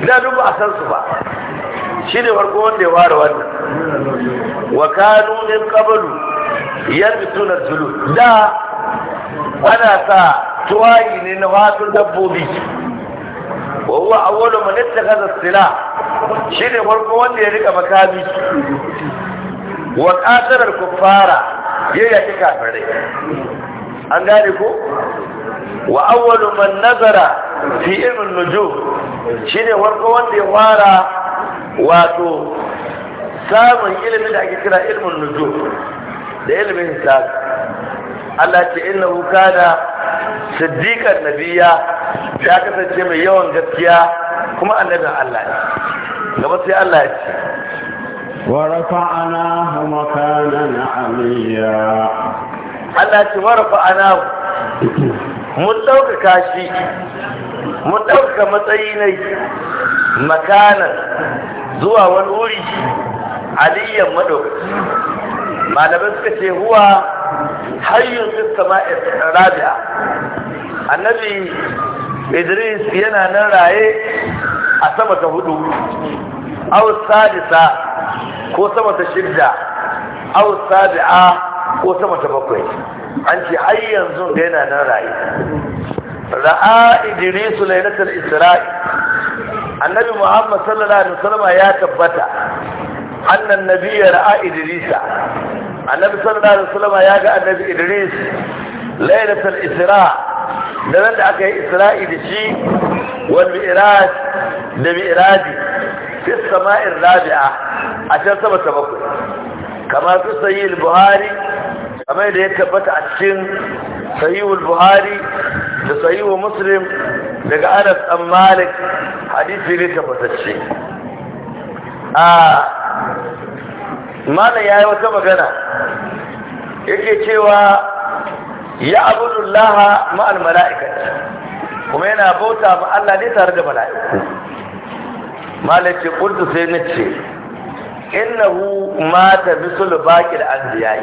S2: da duk ba a san su ba shi ne farko wanda ya fara wannan wa kanu min qablu yalbisuna zulul da ana sa tuwayi ne na wasu dabbobi wa huwa awwalu man ittakhadha sila shine farko wanda ya rika makami wa ku fara, ya yaki kafirai an gane ku? wa awwalu man nazara fi ilmin nujum shine warko wanda ya fara wato samun ilimin da ake kira ilmin nujum da ilimin hisabi Allah ce inna kana siddiqan nabiyya ya kasance mai yawan gaskiya kuma annabin Allah ne gaba sai Allah ya ce
S1: ورفعناه مكانا عليا
S2: Allah ce ورفعناه mun ɗaukaka shi mun ɗaukaka matsayi ne makanan zuwa wani wuri aliyan maɗaukaki malamai suka ce huwa hayyun fi sama'i rabi'a annabi idris yana nan raye a sama ta hudu aw sadisa ko sama ta shidda aw sabi'a ko sama ta bakwai an ce har yanzu da yana nan raye ra'a idrisu lailatul isra'i annabi muhammad sallallahu alaihi wasallam ya tabbata annan nabiyya ra'a idrisa annabi sallallahu alaihi wasallam ya ga annabi idris lailatul isra da da aka yi isra'i da shi wal mi'raj da mi'raji fi sama'ir rabi'a a can sama ta bakwai kamar su buhari kamar da ya tabbata a cikin sahihul buhari da sahihu muslim daga anas dan malik hadisi ne tabbatacce a ah, malam ya yi wata magana yake cewa ya laha ma'al kuma yana bauta ma Allah ne tare da mala'iku malam ce kurdu sai na ce innahu mata bisul da an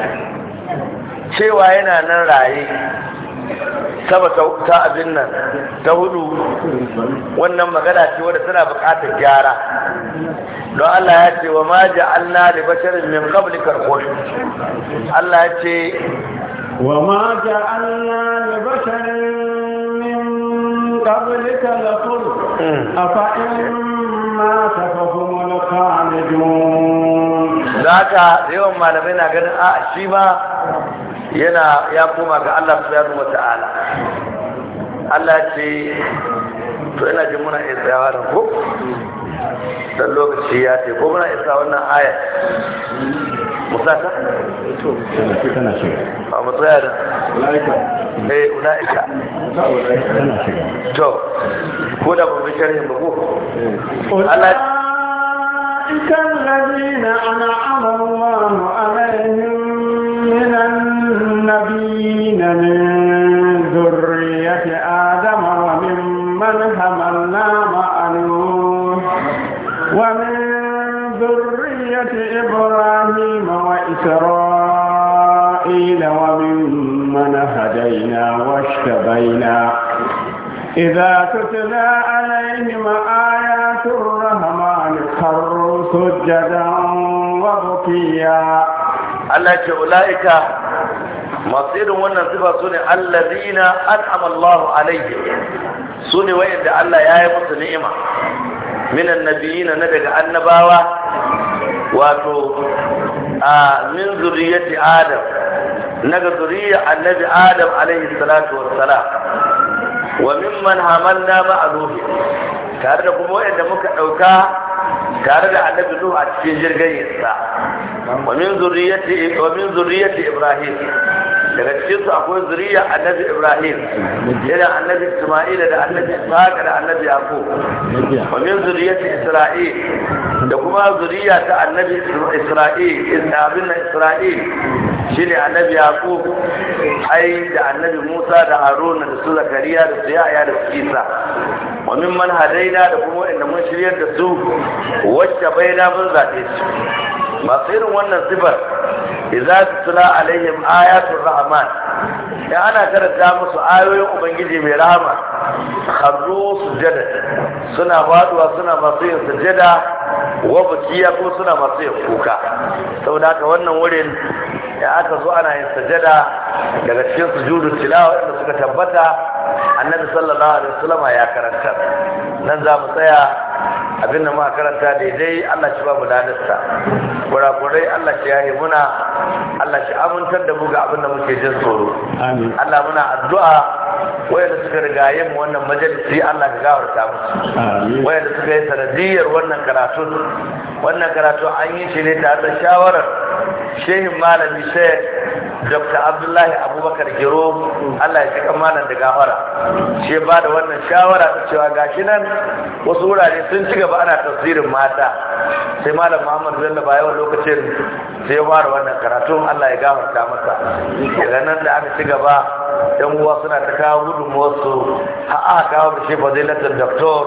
S2: cewa yana nan raye sama ta abin nan ta hudu wannan magana ce wadda tana buƙatar gyara don Allah ya ce wa ma ja'alna li basharin min qablika al Allah ya ce wa
S1: ma ja'alna li basharin min qablika A khul hmm. afa in ma tafahum al
S2: Za zaka yawan malamai na ganin a shi ba yana ya koma ga Allah subhanahu wata'ala Allah ce to ina ji muna iya tsayawa da ko dan lokaci ya ce ko muna isa wannan aya musaka to kana shi a matsaya da eh ulaika to ko da ba bisharin ba ko eh. Allah
S1: kan ladina ana amalla ومن ذرية إبراهيم وإسرائيل وممن هدينا واشتبينا إذا تتلى عليهم آيات الرحمن خروا سجدا وبكيا
S2: التي أولئك مصير والنصفة سنة الذين أنعم الله عليهم سنة وإن الله يا مصر minan nabiyina na daga annabawa wato a min zuriyati adam naga zuriya annabi adam alaihi salatu wassalam wa mimman hamalna ma'a nuhi tare da kuma wanda muka dauka tare da annabi nuhu a cikin jirgin yasa wa min zuriyati wa min zuriyati ibrahim daga cikin su akwai zuriya annabi ibrahim irin annabi isma'il da annabi ishaq da annabi yaqub wa min zuriyati isra'il da kuma zuriya ta annabi isra'il inna abinna isra'il shine annabi yaqub ai da annabi musa da haruna da su zakariya da su yahya da su isa wa min man hadaina da kuma inda mun shiryar da su wacce na mun zaɓe su masu irin wannan sifar idza tutla alaihim ayatul rahman ya ana karanta musu ayoyin ubangiji mai rahama kharru sujada suna faduwa suna masu yin sujada wa bukiya ko suna masu yin kuka saboda haka wannan wurin ya aka zo ana yin sujada daga cikin sujudu tilawa inda suka tabbata annabi sallallahu alaihi wasallam ya karanta nan za mu tsaya abin da muka karanta daidai Allah shi ba mu ladarsa kurakurai Allah shi yayi muna Allah shi amintar da buga abin da muke jin tsoro amin Allah muna addu'a wayanda suka riga yin wannan majalisi Allah ka gawarta musu wayanda suka yi sanadiyar wannan karatu wannan karatu an yi shi ne tare da shawarar shehin malami shek dr abdullahi abubakar gero allah ya cika malam da gafara shi ba da wannan shawara ta cewa gashi nan wasu wurare sun ci gaba ana tafsirin mata sai malam muhammad bello ba yawan lokacin sai ya fara wannan karatun allah ya gafarta masa daga nan da aka ci gaba yan uwa suna ta kawo gudunmuwarsu a aka kawo da zai fadilatul doktor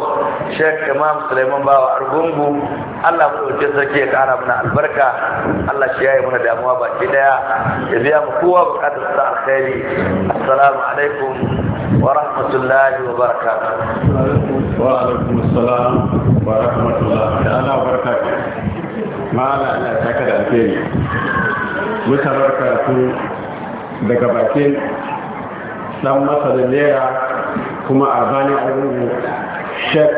S2: sheikh imam suleiman bawa argungu allah ɗauke sarki ya kara mana albarka allah shi ya yi mana damuwa baki daya ya biya mu kowa bukatar sa alkhairi assalamu alaikum wa rahmatullahi wa barakatuh wa
S1: alaikum assalam wa rahmatullahi ta'ala wa barakatuh ma'ana ina saka da alkhairi muka barka daga bakin dan masa da naira kuma a bani a rubu shek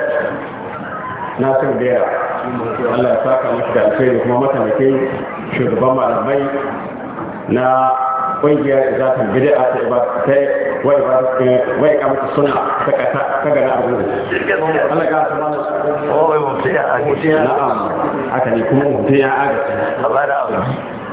S1: san bera allah ya saka masa da alkhairi kuma mataimakin shugaban malamai na ƙungiyar zafin bid'a ta ta wai ba wai ka mata suna ta kasa ta gana a gudu
S2: Allah ga su mana oh mutum ya agaji na'am aka ne kuma mutum ya
S1: agaji
S2: Allah da Allah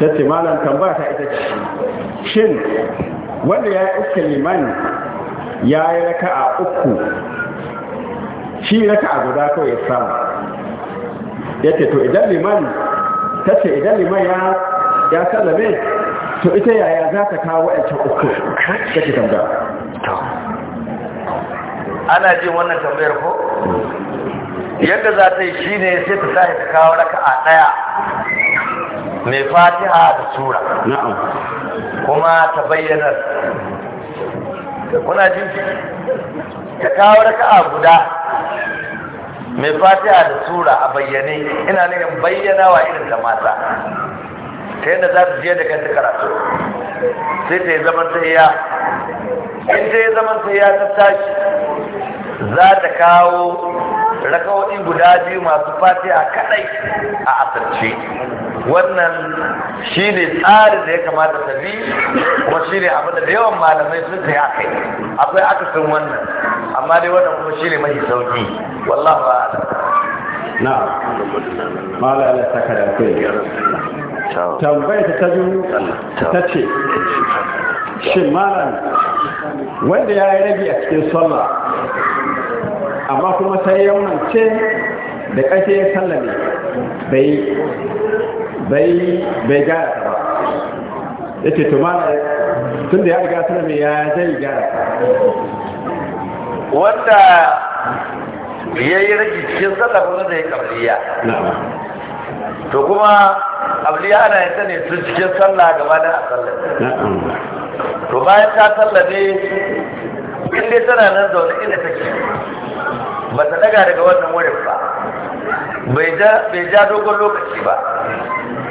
S1: tace malam tambaya ta ita ce shin wanda ya yi uku liman ya yi raka a uku shi raka a guda kawai ya samu ya ce to idan liman ta ce idan liman ya sallame to ita yaya za ta kawo wa'ancan uku ya ce tambaya
S2: ana jin wannan tambayar ko yadda za ta yi shi ne sai ta sa ta kawo raka a ɗaya mai fatiha da sura kuma ta bayyana kuna jin ka kawo a guda mai fatiha da sura a bayyane ina nufin bayyana wa irin da mata ta yadda za su je da kanta karatu sai ta yi zaman tsayya in ta yi zaman tsayya ta tashi za ta kawo rakawoɗi guda biyu masu fatiha kadai a asirce wannan shi ne tsarin da ya kamata ta bi kuma shi ne abin da yawan malamai sun ta kai akwai akasin wannan amma dai wannan kuma shi ne mafi sauki wallahu a'lam na
S1: mala ala saka da kai tambayar ta tabi ta ce shin malam wanda ya yi rabi a cikin sallah amma kuma sai yawan ce da ƙashe ya sallame bai bai bai gyara ta ba ya ce ma tun da ya riga suna mai ya zai gyara ta
S2: wanda ya yi rage cikin sallafin da ya kabliya to kuma abliya ana yin ta ne su cikin sallah gaba da a sallah to bayan ta sallah ne in dai tana nan zaune inda take ba ta daga daga wannan wurin ba bai ja dogon lokaci ba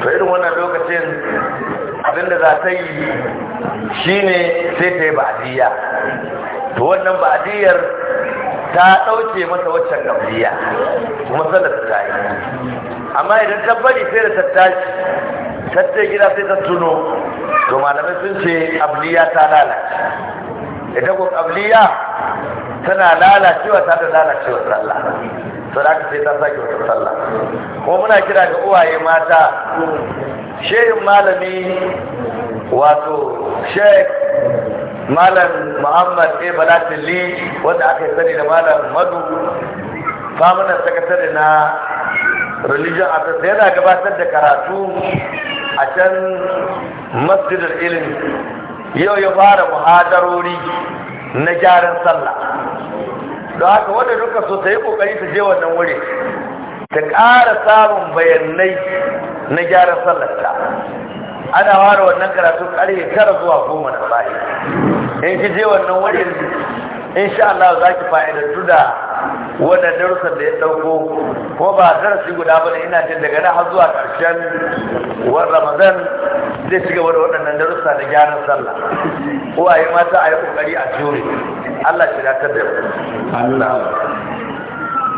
S2: to irin wannan lokacin abinda za ta yi shi ne sai ta yi ba'adiyya to wannan ba'adiyyar ta ɗauke masa waccan gabriya kuma sallar ta yi amma idan ta bari sai da ta tattai gida sai ta tuno to malamai sun ce abliya ta lalace ita ko abliya tana lalacewa ta da lalacewa sallah to da sai ta sake wata sallah kuma muna kira ga uwaye mata shehin malami wato sheikh malam muhammad a balatili wanda aka yi sani da malam madu famunan sakatare na religion affairs yana gabatar da karatu a can masjidar ilimi. yau ya fara muhadarori na gyaran sallah da haka wanda duka so ta yi kokari ta je wannan wuri ta ƙara samun bayanai na gyaran sallarta ana ware wannan karatu ƙarfe tara zuwa goma na bayan in ki je wannan wuri insha Allah za ki fa'idantu da wannan darussan da ya ɗauko ko ba darasi guda ba ina jin daga na har zuwa ƙarshen wa Ramadan zai shiga gaba da waɗannan darussa da gyaran sallah Ko a yi mata a yi ƙoƙari a jure Allah shi da kada
S1: Allah.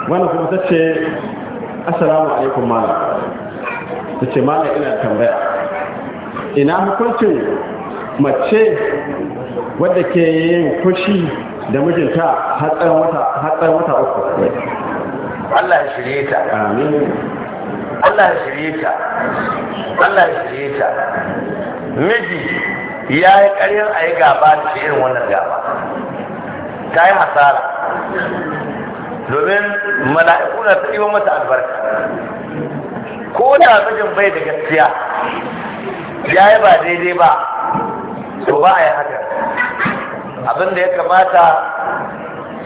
S1: wannan kuma ta ce assalamu alaikum malam ta ce malam ina tambaya ina hukuncin mace wadda ke yin kushi da mijinta
S2: hatsarin wata uku Allah ya shirye ta amin Allah ya shirye ta Allah ya shirye ta miji ya yi karyar a yi gaba da irin wannan gaba ta yi hasara domin mala'iku na tsiwa mata albarka ko da mijin bai da gaskiya ya yi ba daidai ba to ba a yi haka Abin da ya kamata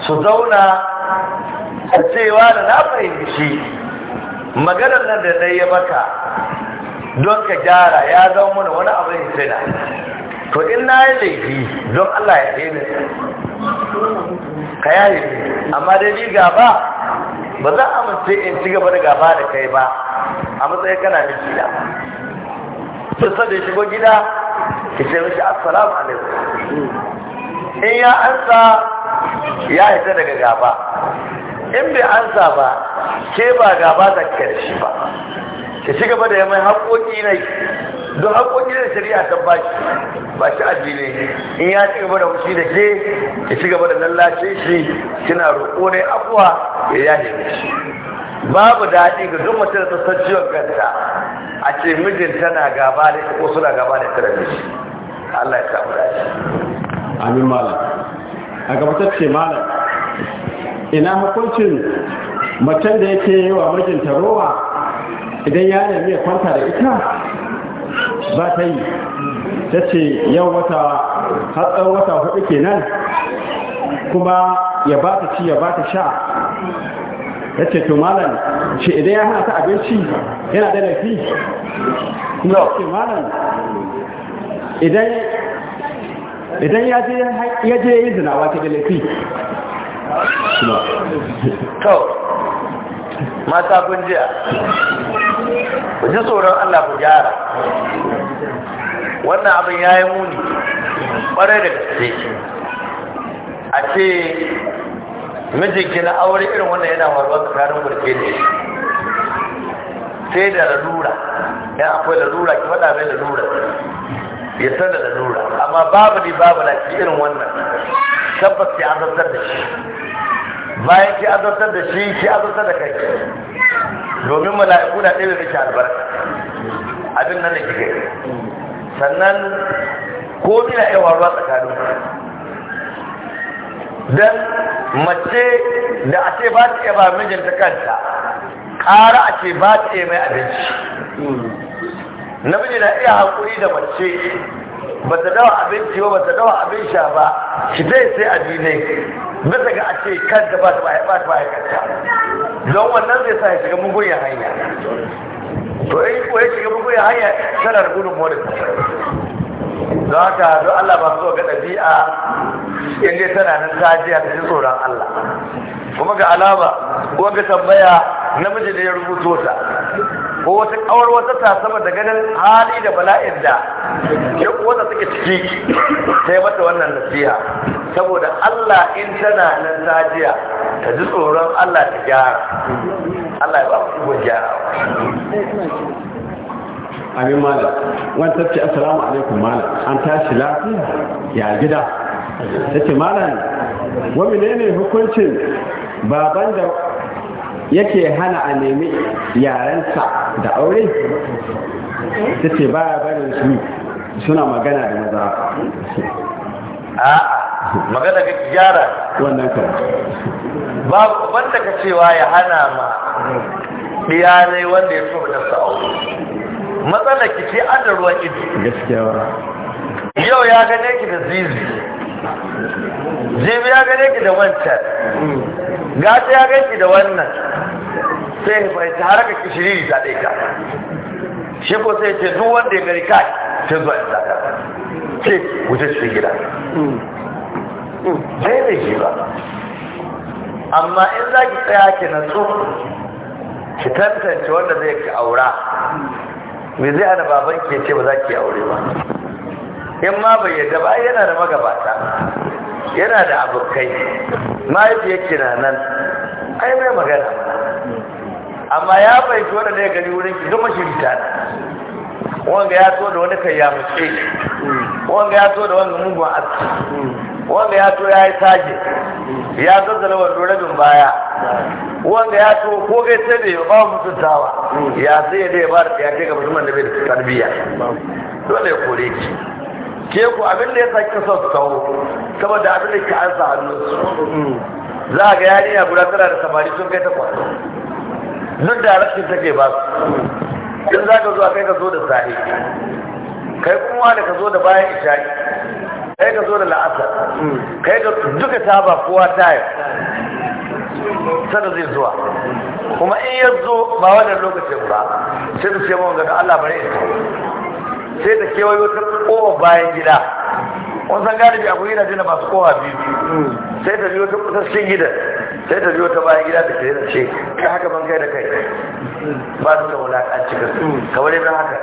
S2: su zauna a cewa da na fahimci maganar nan da zai ya maka don ka gyara ya zama mana wani abin sina to in na yi laifi don Allah ya ɗaya ka yayi amma dai ni gaba ba za a mace in ci gaba da gaba da kai ba a matsayin kana miki da sai da shigo gida ki ce mashi assalamu alaikum in ya ansa ya isa daga gaba in bai ansa ba ke ba gaba da karshe ba ki ci gaba da yamai haƙoƙi ne don haƙoƙi na shari'a ta ba shi ba shi in ya ci gaba da wuce da ke ki ci gaba da lallace shi kina roƙo ne afuwa ya shi. babu daɗi ga duk mutum da san ciwon a ce mijin tana gaba da ita ko suna gaba da ita da mishi Allah ya samu dace
S1: amin malam a gabatar ce malam ina hukuncin macen da yake yi wa mijinta rowa idan ya nemi ya kwanta da ita ba ta yi ta ce yau wata hatsar wata hudu kenan kuma ya ba ta ci ya ba ta sha
S3: ya ce to malam ce
S1: idan ya hana ta abinci yana da lafi kuma ya ce malam idan
S2: idan ya je ya je yi da laifi kawai mata kun jiya ku ji tsoron Allah ku gyara wannan abin ya yi muni ƙwarai da gaske a ce mijinki na aure irin wannan yana faruwa tsakanin burke ne sai da lalura ya akwai lalura ki faɗa mai lalura ya sanar da nura. amma babu ne babu na ke irin wannan tabbas ke azabtar da shi bayan ke azabtar da shi ke azabtar da kai domin mala'iku na ɗaya miki albarka abin nan da ke kai. sannan ko na iya waruwa tsakanin dan mace da a ce ba ta iya ba mijinta kanta ƙara a ce ba ta iya mai abinci namiji na iya haƙuri da mace ba ta dawa abinci ba ba ta dawa abin sha ba shi zai sai a bisa ga a ce kanta ba ta ba ta ba don wannan zai sa ya shiga mugunyar hanya to in ko ya shiga mugunyar hanya tana da gudun mori don haka don Allah ba su ga ɗabi'a in dai tana nan jiya, ta ji tsoron Allah kuma ga alama ko ga tambaya namiji da ya rubuto ta ko wata kawar wata ta sama da ganin hali da bala'in da ya kuwa suke ciki sai mata wannan nasiha saboda Allah in tana nan tajiya ta ji tsoron Allah ta gyara Allah ya ba mu ikon gyara
S1: Amin malam, wani tafi assalamu alaikum malam, an tashi lafiya ya gida. Ta ce malam, wani ne hukuncin baban da yake hana a nemi yarensa da aure ta ce ba ya barin su suna magana da maza
S2: a'a magana ga gyara wannan kan babu banda ka cewa ya hana ma diyanai wanda ya so da sa aure matsala ki ce an da ruwan ido gaskiya yau ya gane ki da zizi jibi ya gane ki da wancan gata ya ganki da wannan sai ya fahimci har ka kishiri ta ɗai ka shi ko sai ce duk wanda ya gari kai ta zuwa ya zaka ce wuce cikin gida zai da shi ba amma in za ki tsaya ki natsu ki tantance wanda zai ki aura me zai ana baban ke ce ba za ki aure ba in ma bai yadda ba yana da magabata yana da abokai yake na nan ai mai magana amma ya fahimci wanda da ya gani wurin ki zama ta wanda ya so da wani kai ya mace wanda ya so da wani mugun aski wanda ya so ya yi saje ya zazzala wando rabin baya wanda ya so ko gai sai da ya ba tuntawa ya sai da ya ba da ya ce ga musamman da bai da tarbiyya dole ya kore ki ke ku abin da ya sa so su kawo saboda abin da ke an sa hannunsu za a ga a guda tana da samari sun kai takwas duk da rashin take ba su in za ka zuwa kai ka zo da sahi kai kuma da ka zo da bayan isha'i kai ka zo da la'asar kai ka duka taba kowa tayar sada zai zuwa kuma in ya zo ba wannan lokacin ba sai ta ce mawa gada Allah bari ita sai ta kewayo ta kowa bayan gida wasan galibi akwai gidaje na masu kowa biyu hmm. sai ta biyo ta kusa cikin gidan sai ta biyo ta bayan gida ta ce da ce ka haka ban kai da kai ba su da wulaƙa cikin hmm. kamar yadda haka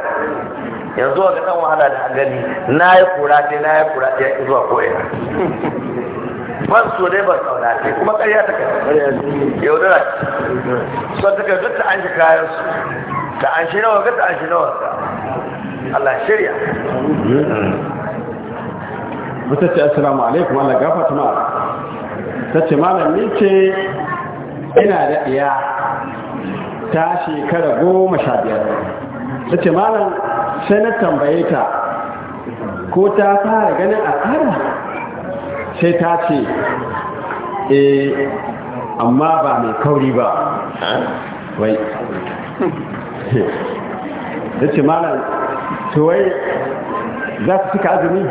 S2: yanzu a ɗan wahala da gani na yi kura ce na yi kura ce zuwa ko'ina ban so dai ban kauna ce kuma karya ta kai yaudara hmm. son ta kai duk ta an shi kayan su ta an shi nawa ga ta an shi nawa Allah shirya
S1: wata ce assalamu alaikum Allah gafa tuma ta ce malam ni ce ina da ɗaya. ta shekara goma sha biyar ta ce malam sai na tambaye ta ko ta fara ganin al'ada sai ta ce eh amma ba mai kauri ba wai (laughs) ta ce malam to za su cika azumi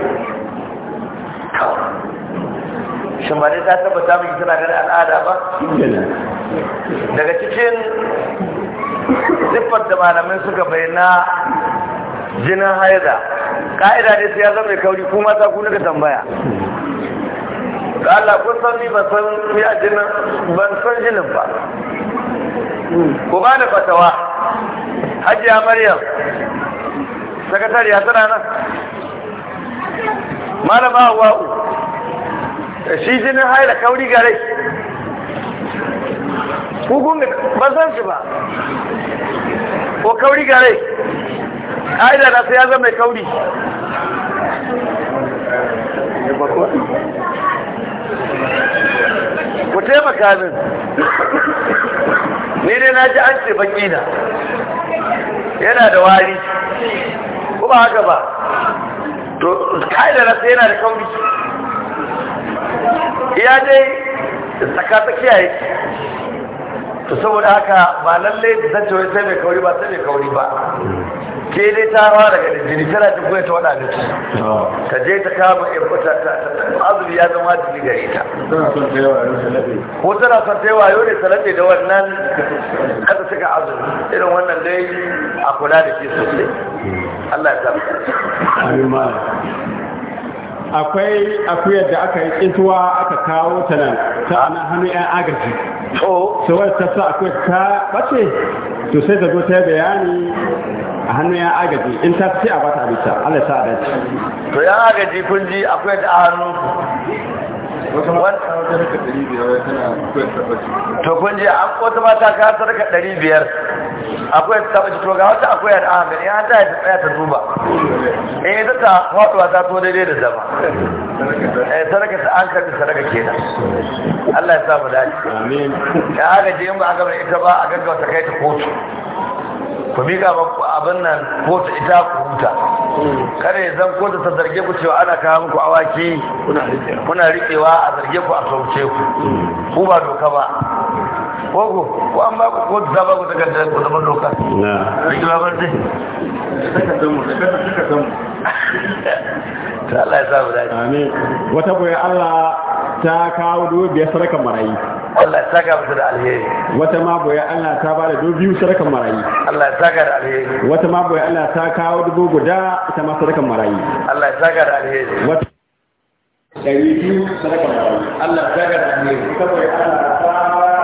S2: sha'awa shin ta tabbata mai suna gani al'ada ba daga cikin siffar da malamin suka bayyana jinin haida ka'ida dai sai ya zama kauri kuma ta kuna nika tambaya Allah kun san ni ban san ya jinin ban san jinin ba ku ba da fatawa hajiya maryam sakatariya tana nan malama wa'u shi jinin haila kauri gare hukun ba san shi ba ko kauri gare haila da sai ya zama kauri ku taimaka min ne dai na ji an ce baki na yana da wari ko ba haka ba to ka'idar nasa yana da kauri ya dai tsaka tsakiya yake to saboda haka ba lalle da zance wai sai mai kauri ba sai mai kauri ba ke dai ta rawa daga jini tana jin kuwa ta wada miki Ka je ta kama in ta azumi ya zama jini gare ta ko tana son ta yi wayo ne ta da wannan kasa suka azumi irin wannan dai a kula da ke sosai Allah ya samu
S1: akwai akuyar da aka yi tsintuwa aka kawo ta nan ta ana hannu 'yan agaji so wani ta sa akwai ta bace to sai ta ta bayani a hannun 'yan agaji in ta fi a bata abita allah sa a dace
S2: to 'yan agaji kun ji akwai da hannu to kun je an kota mata ka sadaka ɗari biyar akwai ta tabbaci to ga wata akwai an aka gani an ta tsaya ta duba eh ta ta faduwa ta to daidai da zama eh sadaka ta an karbi sadaka kenan Allah ya sa mu dace amin ya aka je in ba aka bar ita ba a gaggauta kai ta kotu ku miƙa abin nan ta ita ku huta kare zan ko ta zarge ku cewa ana kawo muku awaki kuna riƙewa a zarge ku a sauce ku ku ba doka ba ku ko an ba ku ko ta ba ku takardar ku zama doka na riƙewa ba dai (laughs) ta Allah ya sa mu dace
S1: wata boye Allah ta kawo dubu biyar sarakan marayi
S2: Allah ya saka musu da alheri
S1: wata ma boye Allah ta ba da dubu biyu sarakan marayi
S2: Allah ya saka da alheri wata
S1: ma boye Allah ta kawo dubu guda ita ma sarakan marayi
S2: Allah ya saka da alheri wata dari biyu sarakan marayi Allah ya saka da alheri saboda Allah ta